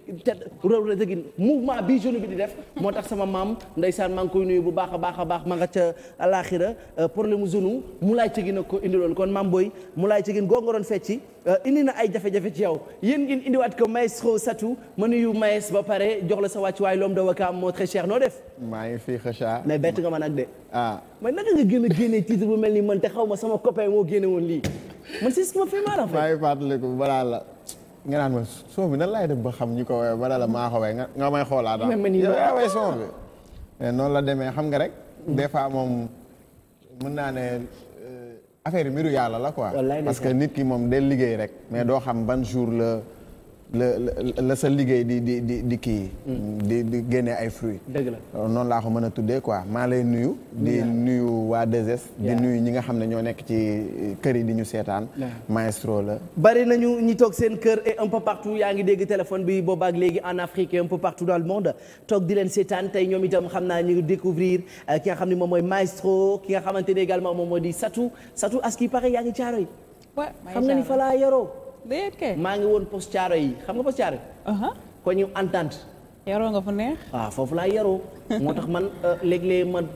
ura ura jëgin mouvement bi bi di def moo tax sama maam ndeysaan maa ngi koy nuyu bu baax a baax a baax ma nga ca alaxira euh, problème mu jeune mu laay cëgin ak ko indiloon kon maam booy mu laay cëgin goo nga doon fecci euh, indi na ay jafe-jafe ci yow yéen ngeen indiwaat ko maestro Satou ma nuyu maes ba pare jox la sa wàcc wàccuwaay loom de wakaam moo très cher noo def maa ngi fii xëcca mais bett nga ma nag de ah mais nga gën a génne titre bu mel ni man te xaw ma sama copain moo génne woon lii man c'est la nga naan ma son bi na laay def ba xam ñi ko woowee ba dala maa ko woowee nga may xoolaat daal ah. yow yaa way son bi mais eh, noonu la demee xam nga rek mm-hmm. des fois moom mën naa ne euh, affaire mbiru yàlla la quoi parce que nit ki moom day liggéey rek mais doo xam ban jour la la sa liggéey di di di di kii. Mm. di di génne ay fruits. dëgg la noonu laa ko mën a tuddee quoi maa lay nuyu. di nuyu waa 2S. di nuyu ñi nga xam ne ñoo nekk ci eh, kër yi di ñu seetaan. maestro la. bari nañu ñi toog seen kër et un peu partout yaa ngi dégg téléphone bi boobaak léegi en Afrique et un peu partout dans le monde toog di leen seetaan tey ñoom itam xam naa ñu découvrir eh, ki nga xam ne moom mooy maestro ki nga xamante ne également moom mooy di Satou Satou aski paxe yaa ngi caaroy. xam nga déet kay maa ngi woon poste caaro yi xam nga poste caaro yi. ko ñu entente. yaroo nga fu neex. waaw ah, foofu laa yaroo. moo tax man euh, léeg-léeg man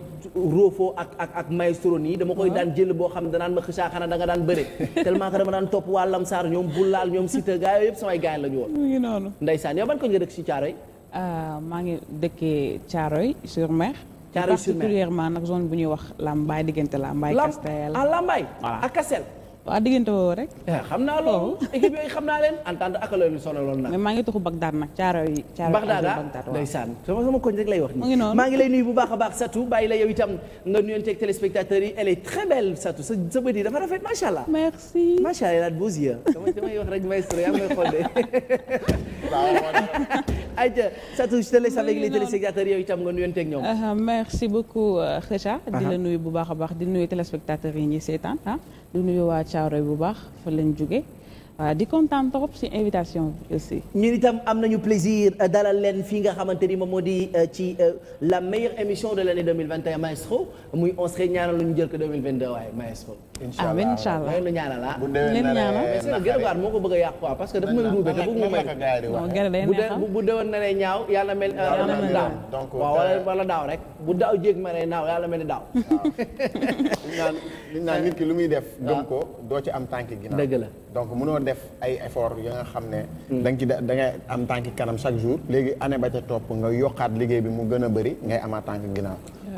roofoo ak ak ak maestro nii dama koy daan jël boo xam ne danaan ma xëcaa da nga daan bëre. tellement que dama daan topp waa Lamsaar ñoom Bulaal ñoom Siteu gaa yooyu yëpp samay gaañ la woon. mu ngi noonu ndeysaan yow ban ko nga dëkk si caaro yi. Ah, maa ngi dëkkee Thiaroy yi mer. Thiaroy sur mer particulièrement nag bu ñuy wax Lambaye diggante Lambaye. Castel a ah, Lambaye. voilà ak waaw diggante woowu rek. Eh, xam naa loolu équipe xam naa leen. entendre ak loolu sonaloon naa. mais maa ngi tuxu Bagdad nag caaro yi. caaro Bagdad ah? ndeysaan sama sama koñ rek lay wax. mu ngi noonu maa ngi lay nuyu bu baax a baax Satou bàyyi la yow itam nga nuyanteeg téléspectateurs yi elle est très sa sa yi dafa rafet macha allah. merci macha a de beaux yeux. damay damay wax rek maestro yaa ngi may xool de. ayca Satou je te laisse avec les téléspectateurs yow itam nga nuyanteeg ñoom. merci beaucoup euh, Kheucha. di la nuyu bu baax a baax di nuyu téléspectateurs yi ñuy seetaan ah du nuyu waa Thiaroye bu baax fa lañ jógee waaw di kontaan trop ci invitation bi aussi. ñun itam am nañu plaisir euh, dalal leen fii nga xamante ni moom moo di euh, ci euh, la meilleure émission de l' année 2021 maestro muy on serait ñaanal lu ñu jël ko 2022 waaye maestro. incha allah incha allah loolu ñaanal ah. bu déwén na leen gërëmaat moo ko bëgg a yàq quoi parce que dafa may ruube te bu déwén na leen ñaaw yàlla mel. yàlla mel daaw donc waaw wala daaw rek bu daaw jéeg ma ne naaw yàlla mel ni daaw. waaw li naan nit ki lu muy def. gëm ko doo ci am tànki ginnaaw dëgg la. donc mënoo def ay effort ya nga xam ne. Hmm. da nga ci da ngay am tànki kanam chaque jour. léegi année ba ca topp nga yokkaat liggéey bi mu gën a bëri ngay amaat tànki ginnaaw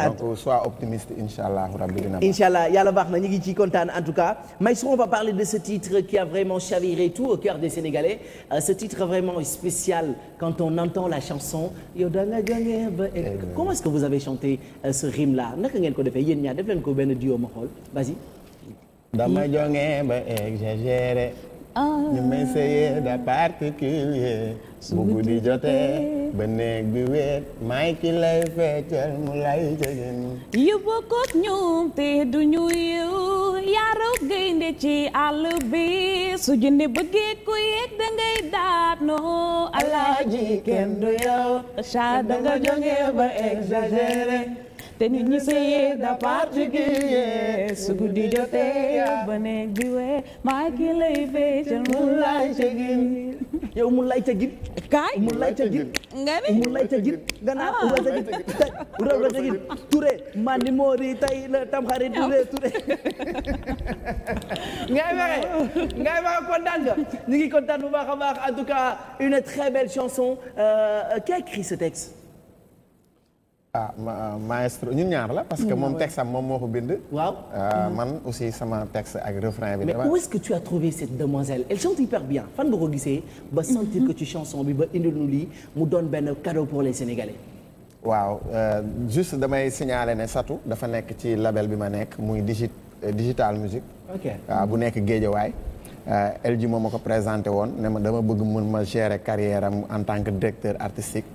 donc euh, sois optimiste incha allah rabbi dina incha allah na ñu ngi en tout cas Maestro on va parler de ce titre qui a vraiment chaviré tout au cœur des Sénégalais euh, ce titre vraiment spécial quand on entend la chanson yow da nga jàngee ba eh comment vous avez chanté euh, ce rime là naka ngeen ko defee yéen vas-y dama jàngee ba exagéré ñu may sëyee da particulier bu guddi jotee ba néeg bi wéet may ki lay mu lay jegen yu bokkut ñoom te du ñu yiw yaaro gaynde ci àll bi su jënde bëggee ku yéeg da ngay daanu alaaji kenn du yow saa da nga jógee ba exagéré te nit ñi sëyee da particulier su guddi jotee bi wee maa ki lay feecal mu lay cegin yow mu lay cegin kaay mu lay cegin nga ne ah. man di moori tay la tam xarit Touré Touré ngay kontaan nga ñu bu baax a baax en tout cas une très belle chanson euh, euh, qui a écrit ce texte Ah, ah maestro ñun ñaar la parce que moom texte am moom moo ko bind. waaw ah, mm-hmm. man aussi sama texte ak refrain bi. mais où est-ce que tu as trouvé cette demoiselle elle chante hyper bien fan nga ko gisee. ba mm-hmm. sentir que ci chanson bi ba indil lii mu doon benn cadeau pour les sénégalais. waaw euh, juste damay signaler ne Satou dafa nekk ci label bi ma nekk muy digit euh, digital musique. ok waaw ah, bu nekk géejawaay. El euh, ji moom ma ko présenté woon ne ma dama bëgg mën ma gérer carrière en tant que directeur artistique.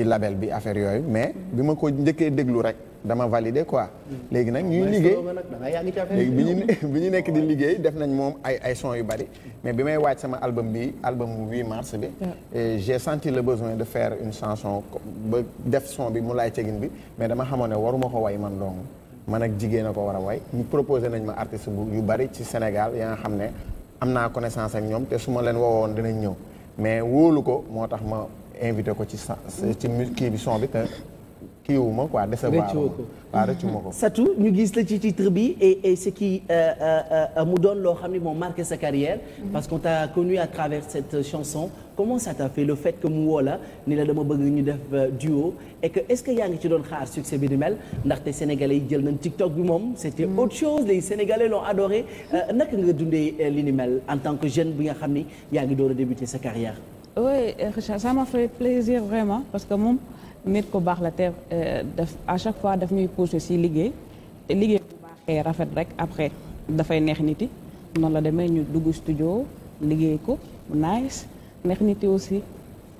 ci label bi affaire yooyu mais bi ma ko njëkkee déglu rek dama validé quoi. léegi nag ñuy liggéey léegi bi ñu nekk di liggéey def nañ moom ay ay son yu bari. mais bi may waaj sama album bi album bu 8 mars bi. j'ai de faire une chanson def son bi mu laay cegin bi mais dama xamoon ne waruma ko way man dong man ak jigéen a ko war a way ñu proposé nañ ma artiste bu yu bari ci Sénégal yaa nga xam ne am naa connaissance ak ñoom te su ma leen woowoon dinañ ñëw mais wóolu ko moo tax ma. invité ko ci sa ci kii bi son bi te kii wu ma quoi décevoir waaw rëccu ma ko Satou ñu gis la ci titre bi et et ce qui euh, euh, euh, mu doon loo xam ni moom marqué sa carrière mm-hmm. parce qu'on t'a connu à travers cette chanson comment ça t'a fait le fait que mu woo la ni la dama bëgg ñu def duo et que est-ce que yaa ngi ci doon xaar succès bi ni mel ndaxte sénégalais yi jël nañ TikTok bi moom c'était mm-hmm. autre chose les sénégalais l'ont adoré naka nga dundee li ni mel en tant que jeune bi nga xam ni yaa ngi door a débuter sa oui Richard ça m'a fait plaisir vraiment parce que moom nit ku baax la te euh, daf à chaque fois def ñuy poussé si liggéey te liggéey bu baaxee rafet rek après dafay neex nit yi la demee ñu dugg studio liggéey ko mu nice neex nit aussi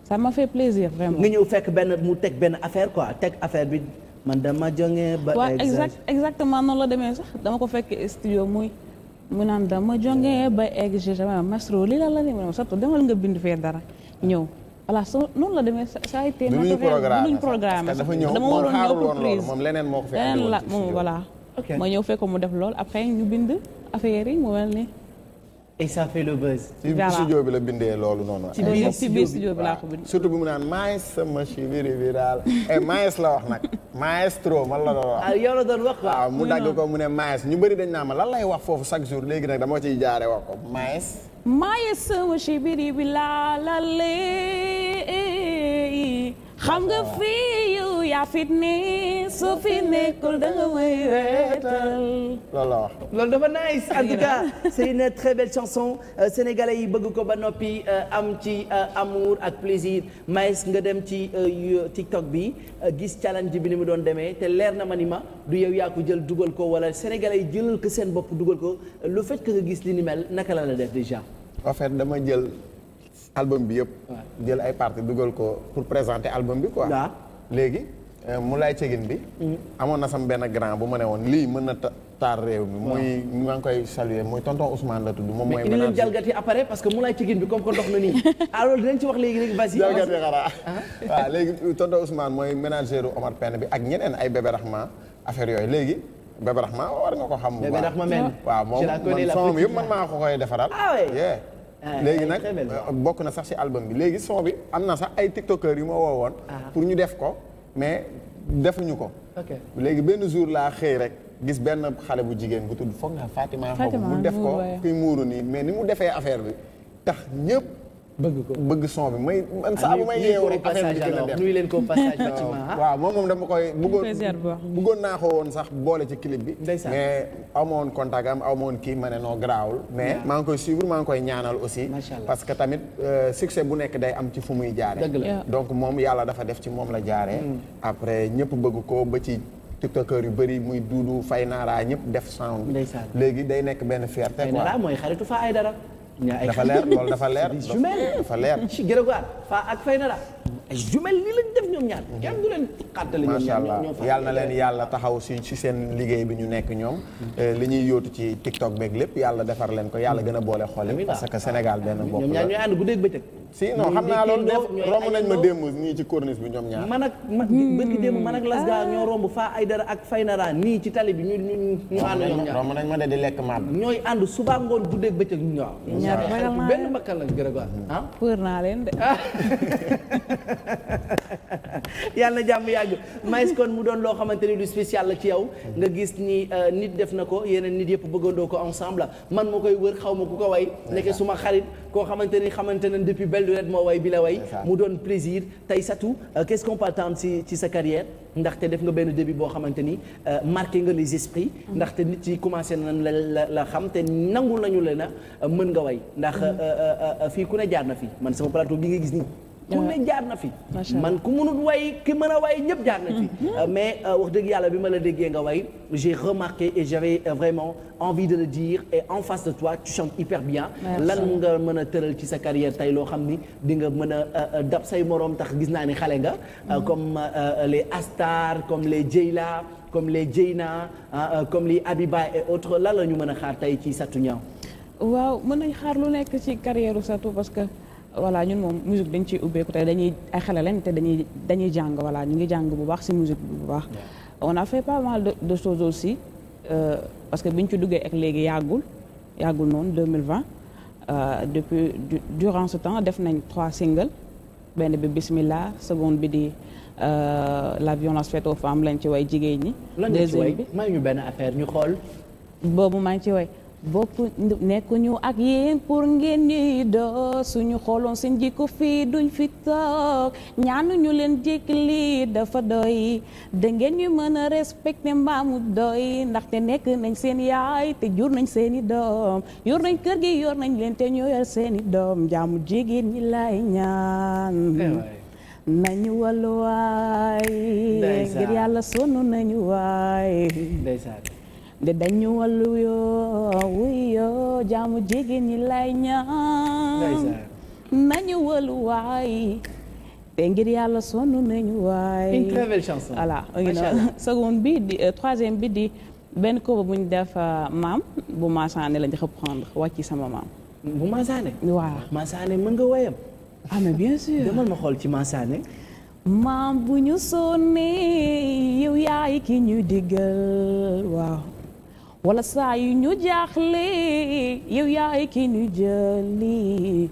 sama m'a fait plaisir vraiment. nga ñëw fekk benn mu teg benn affaire quoi teg affaire bi man dama jonge ba. exact exactement noonu la demee sax dama ko fekk studio muy. mu naan dama jonge ba egg j' ai jamais Mastro lii la la nii ma ne ma surtout demal nga bind dara. ñëw voilà soo noonu la demee ça a été naturel luñ programme dafa ñëw dama waroon ñëw surprise leneen moo ko fi leneen la moom voilà ma ñëw fekk mu def lool après ñu bind affaire yi mu mel ni et ça fait le buzz. voilà ci studio bi la bindee loolu noonu. ci biir ci biir studio bi laa ko bindee. surtout bi mu naan maïs eh, la wax nag. maestro ma la doon wax. ah yow mu dagg mu ne maïs ñu bëri dañ naa ma lan lay wax foofu chaque jour léegi nag dama ciy jaare wax ko maïs. మాయస్సు శిబిరి విలాలలే xam nga fii yu yaa fit nii fi nekkul da nga may weetal. loolu loolu dafa nice en très belle chanson euh, sénégalais yi bëgg ko ba noppi euh, am ci euh, amour ak plaisir mais nga dem ci TikTok bi gis challenge bi ni mu doon demee te leer na ma ni ma du yow yaa ko jël dugal ko wala sénégalais yi jëlal ko seen bopp dugal ko lu fekk que gis li ni mel naka la la def déjà. en fait dama jël. album bi yëpp. jël ay parties dugal ko pour présenter album bi quoi. léegi euh, mu lay cegin bi. Mm. amoon na sam benn grand bu ma ne woon lii mën na taar réew mi. muy maa ngi koy saluer muy tonton Ousmane la tudd. moom mooy mais leen jalgati après parce que mu lay cegin bi comme ko ah, ah. mooy ménageur Omar Pène bi ak ñeneen ay bébé Rahma affaire yooyu léegi. bébé Rahma war nga ko xam. bébé ma mel waaw moom man son yëpp man maa ko koy defaral. ah Ah, léegi nag euh, bokk na sax ci album bi léegi son bi am na sax ay tiktokers yu ma woo woon ah. pour ñu def ko mais defuñu ko léegi benn jour laa xëy rek gis benn xale bu jigéen bu tudd foog naa Fatima mu def ko kuy muuru nii mais ni mu defee affaire bi tax ñëpp bëgg ko bëgg son bi may man saa may yeewu rek affaire bi gën leen ko passage waaw moom moom dama koy bëggoon bëggoon naa ko woon sax boole ci clip bi mais amoon contact am amoon kii ma ne noo garaawul mais maa ngi koy suivre maa ngi koy ñaanal aussi parce que tamit euh, succès bu nekk day am ci fu muy jaare donc moom yàlla dafa def ci moom la jaare mm. après ñëpp bëgg ko ba ci tiktokeur yu bëri muy duudu fay naaraa ñëpp def sound léegi day nekk benn fierté te mooy ay dara dafa leer loolu dafa leer des jumelles dafa leer ci gërëgaar fa ak fay na la ay jumelles li lañ def ñoom ñaar mhm. kenn du leen xàttali ñoom ñaar ñoom na leen yàlla taxaw si si seen liggéey bi ñu nekk ñoom mhm. eh, li ñuy yootu ci TikTok beeg lépp yàlla defar leen ko yàlla mhm. gën a boole xoole parce que Sénégal benn bopp la ñooy ànd guddeeg bëccëg si non xam naa loolu def romb nañ ma démb nii ci corniche bi ñoom ñaar. man ak man bëgg hmm. démb man ak Lasga ñoo romb faa ay dara ak Faynara nii ci tali bi ñu ñu ñu ànd ñoom ñaar romb nañ ma de di lekk maam. ñooy ànd suba ngoon guddeeg bëccëg ñu ñaar. ñaar vraiment benn bakkan la Grégoire ah. wër naa leen de. yàlla na jàmm yàgg mais kon mu doon loo xamante ni lu spécial la ci yow. nga gis ni euh, nit def na ko yeneen nit yëpp bëggandoo ko ensemble man ma koy wër xaw ma ku ko way. nekke suma xarit koo xamante ni xamante nañ depuis Joël Duret moo way bi la way mu doon plaisir tey Satou euh, qu'est-ce qu'on ci ci sa carrière ndaxte def nga benn début boo xamante ni euh, marqué nga les esprits mm-hmm. ndaxte nit yi commencé nañ la la xam te nangul nañu la na euh, mën nga way ndax mm-hmm. fii ku ne jaar na fii man sama plateau bi nga gis nii ku ne jaar na fi man ku mënul way ki mën a way ñëpp jaar na fi euh, mais euh, wax dëgg yàlla bi ma la déggee nga way j'ai remarqué et j'avais euh, vraiment de le dire en face de toi tu chantes hyper bien lan nga mën a tëral ci sa carrière tey loo xam ni di nga mën a dab say moroom tax gis naa ni xale nga mhm. comme les Astar comme les Jeyla comme les Jeyna comme les Abiba et autres lan la ñu mën a xaar tey ci Satou Niang waaw mën nañ xaar lu nekk ci carrière Satou parce que voilà ñun moom musique dañ ciy ubbeeku te dañuy ay xale te dañuy dañuy jàng voilà ñu ngi jàng bu baax si musique bi bu baax. on a fait pas mal de, de choses aussi euh, parce que biñ ci duggee ak léegi yàggul yàggul noonu 2020 euh, depuis du, durant ce temps def nañ trois singles benn bi bismillah seconde bi di euh, la violence femme lañ ci way jigéen ñi. deuxième bi lan nga may ñu benn affaire ñu xool. boobu maa ngi ci way. bokku nekkuñu ak yéen pour ngeen ñuy doo suñu xooloon seen jikko fii duñ fi toog ñaanuñu leen jikk lii dafa doy da ngeen ñu mën a respecté mbaamu doy ndaxte nekk nañ seen yaay te jur nañ seeni doom yor nañ kër gi yor nañ leen te ñoo yor seeni doom jaamu jigéen ñi lay ñaan nañu walluwaay ngir yàlla sonn nañu waay de dañu wàllu yoo wuyoo jaamu jigéen ñi lay ñaan nañu wàllu waay te ngir yàlla sonn nañu waay. une bi di euh, troisième bi di benn cover bu ñu def euh, maam bu Massané lañ reprendre wàcc sama maam. bu Massané. waaw ah, Massané mën nga woyam. ah bien sûr demal ma xool ci Massané. maam bu ñu sonnee yow yaay ki ñu diggal waaw. wala saa yu ñu jaaxle yow yaay ki ñu jëli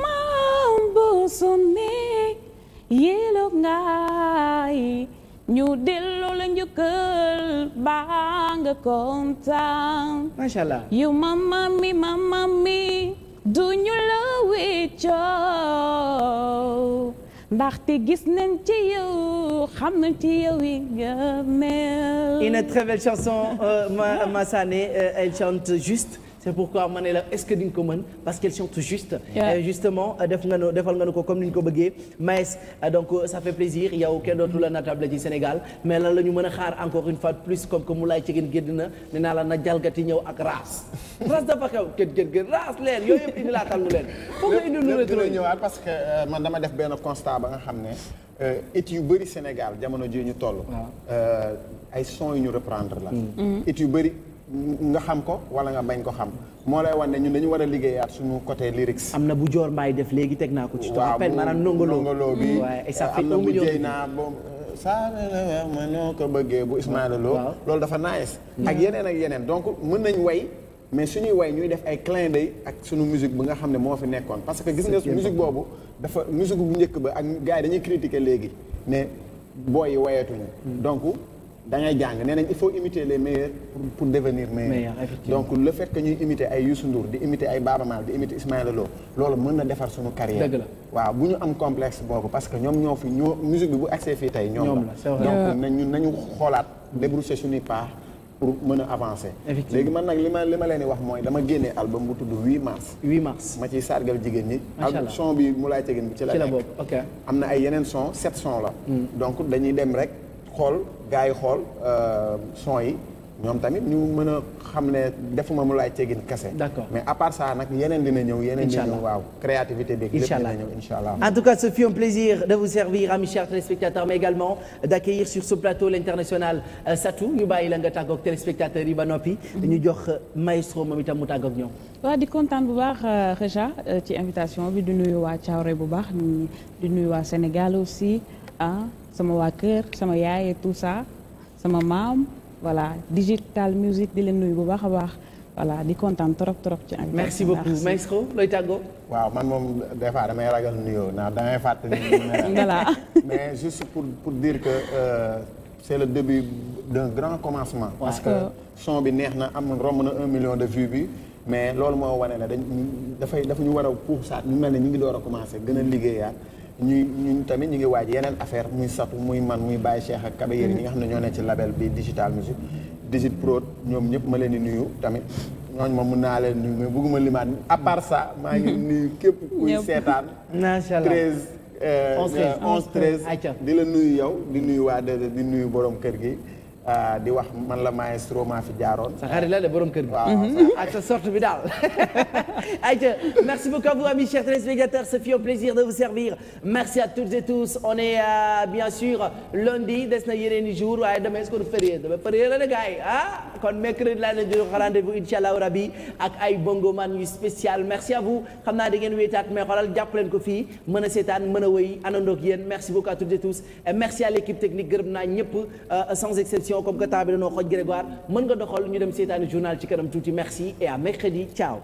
maam bu sonne yéloog ngaay ñu delloo la njukkal baa nga kontaan macha allah yow mama mi mama mi du ñu la wéccoo ndaxte gis nañ ci yow xam nañ ci yow yi nga mel. Une très belle chanson euh, Ma Sané euh, elle chante juste. c'est pourquoi ma ne la est-ce que di nga ko mën parce qu'elles sont tout juste justement euh, def nga nu defal nga nu ko comme ni ñu ko bëggee Maes euh, donc euh, ça fait plaisir yow kenn dootu la na natable ci Sénégal mais lan la ñu mën a xaar encore une fois de plus comme que mu laay cegin gédd na ne naa la na jalgati ñëw ak raas raas dafa xew gët gët gët raas leen yooyu yëpp indi laatal mu leen foog nga indi lu la ñëwaat parce que man dama def benn constat ba nga xam ne études yu bëri Sénégal jamono ji ñu toll ay son yu ñu reprendre la mm. Mm. nga xam ko wala nga bañ ko xam moo lay wan ne ñun dañu war a liggéeyaat suñu côté lyrics. am na bu Dior Mbaye def léegi teg naa ko ci. waaw bu nongolo bi mm, waaw am na bu jëy naa bo saa ma noo ko bëggee bu Ismaïla Lo loolu dafa nice mm. ak yeneen ak yeneen donc mën nañ way mais suñuy way ñuy def ay clin ak suñu musique bi nga xam ne moo fi nekkoon parce que gis nga musique boobu dafa musique bu njëkk ba ak gaa yi dañuy critiquer léegi ne booy yi wayatuñu mm. donc dangay jàng nee nañ il faut imiter les meilleurs pour pour devenir meilleur donc le fait que ñuy imiter ay Youssou Ndour di imiter ay Baaba Maal di imiter Ismaël Lo loolu mën na defar suñu carrière waaw bu ñu am complexe boobu parce que ñoom ñoo fi ñoo musique bi bu accès fii tey ñoom la donc euh, nañu nañu xoolaat débrousser suñuy pas pour mën a avancer léegi man nag li ma li ma leen wax mooy dama génnee album bu tudd 8 mars 8 mars ma ciy sargal jigéen ñi ak son bi mu laay tegin bi ci la bokk am na ay yeneen son sept la hmm. donc dañuy dem rek xool gars xool euh, son yi ñoom tamit ñu mën a xam ne defuma mu laay teggin kese. d'accord mais à part ça nag yeneen dina ñëw. yeneen dina ñëw waaw créativité beeg. incha allah lépp en tout cas ce fut un plaisir de vous servir amis chers téléspectateurs mais également d'accueillir sur ce plateau l'international euh, Satou ñu bàyyi la nga tàggoog téléspectateurs yi ñu jox euh, maestro moom itam mu tàggoog ñoom. di kontaan bu baax Réja ci invitation bi di nuyu waa Thiawré sama waa kër sama yaay tout sa sama maam voilà digital musique di leen nuyu bu baax a baax voilà di kontaan trop trop ci. merci beaucoup ko looy tàggoo. waaw man moom des fois damay ragal nuyoo ndax damay fàttali. voilà mais juste pour pour dire que euh, c' est le début d'un grand commencement. parce que son bi neex na am na romb na un million de vues bi. mais loolu moo wane ne dañ dafay dafa ñu war a puusaat ñu mel ne ñu ngi door a commencé gën a liggéeyaat. ñuy ñun tamit ñu ngi waaj yeneen affaire muy satu muy man muy bàyyi Cheikh ak Kabe Yeri ñi nga xam ne ñoo ne ci label bi digital music digit pro ñoom ñëpp ma leen di nuyu tamit ñooñ ma mun naa leen nuyu mais bëgguma limaat à part ça maa ngi nuyu képp kuy seetaan macha allah euh, treize onze treize di la nuyu yow di nuyu waa Dede di nuyu boroom kër gi Euh, di wax man la maestro maa fi jaaroon. sa xarit la de borom kër gi. waaw mhm. sa sorte bi daal. ayca merci beaucoup a vous amis chers téléspectateurs ce fut un plaisir de vous servir merci a toutes et tous on est euh, bien sûr lundi des na yeneen i jours waaye dama est-ce que férié dama la de gars yi ah kon mercredi laa leen di jox rendez-vous incha ay bongo man yu spécial merci à vous xam naa da ngeen wéytaat mais xoolal jàpp leen ko fii mën a seetaan mën a merci beaucoup à toutes sinon comme que temps bi dañoo xoj Grégoire mën nga doxal ñu dem seetaani journal ci kanam tuuti merci et à mercredi ciao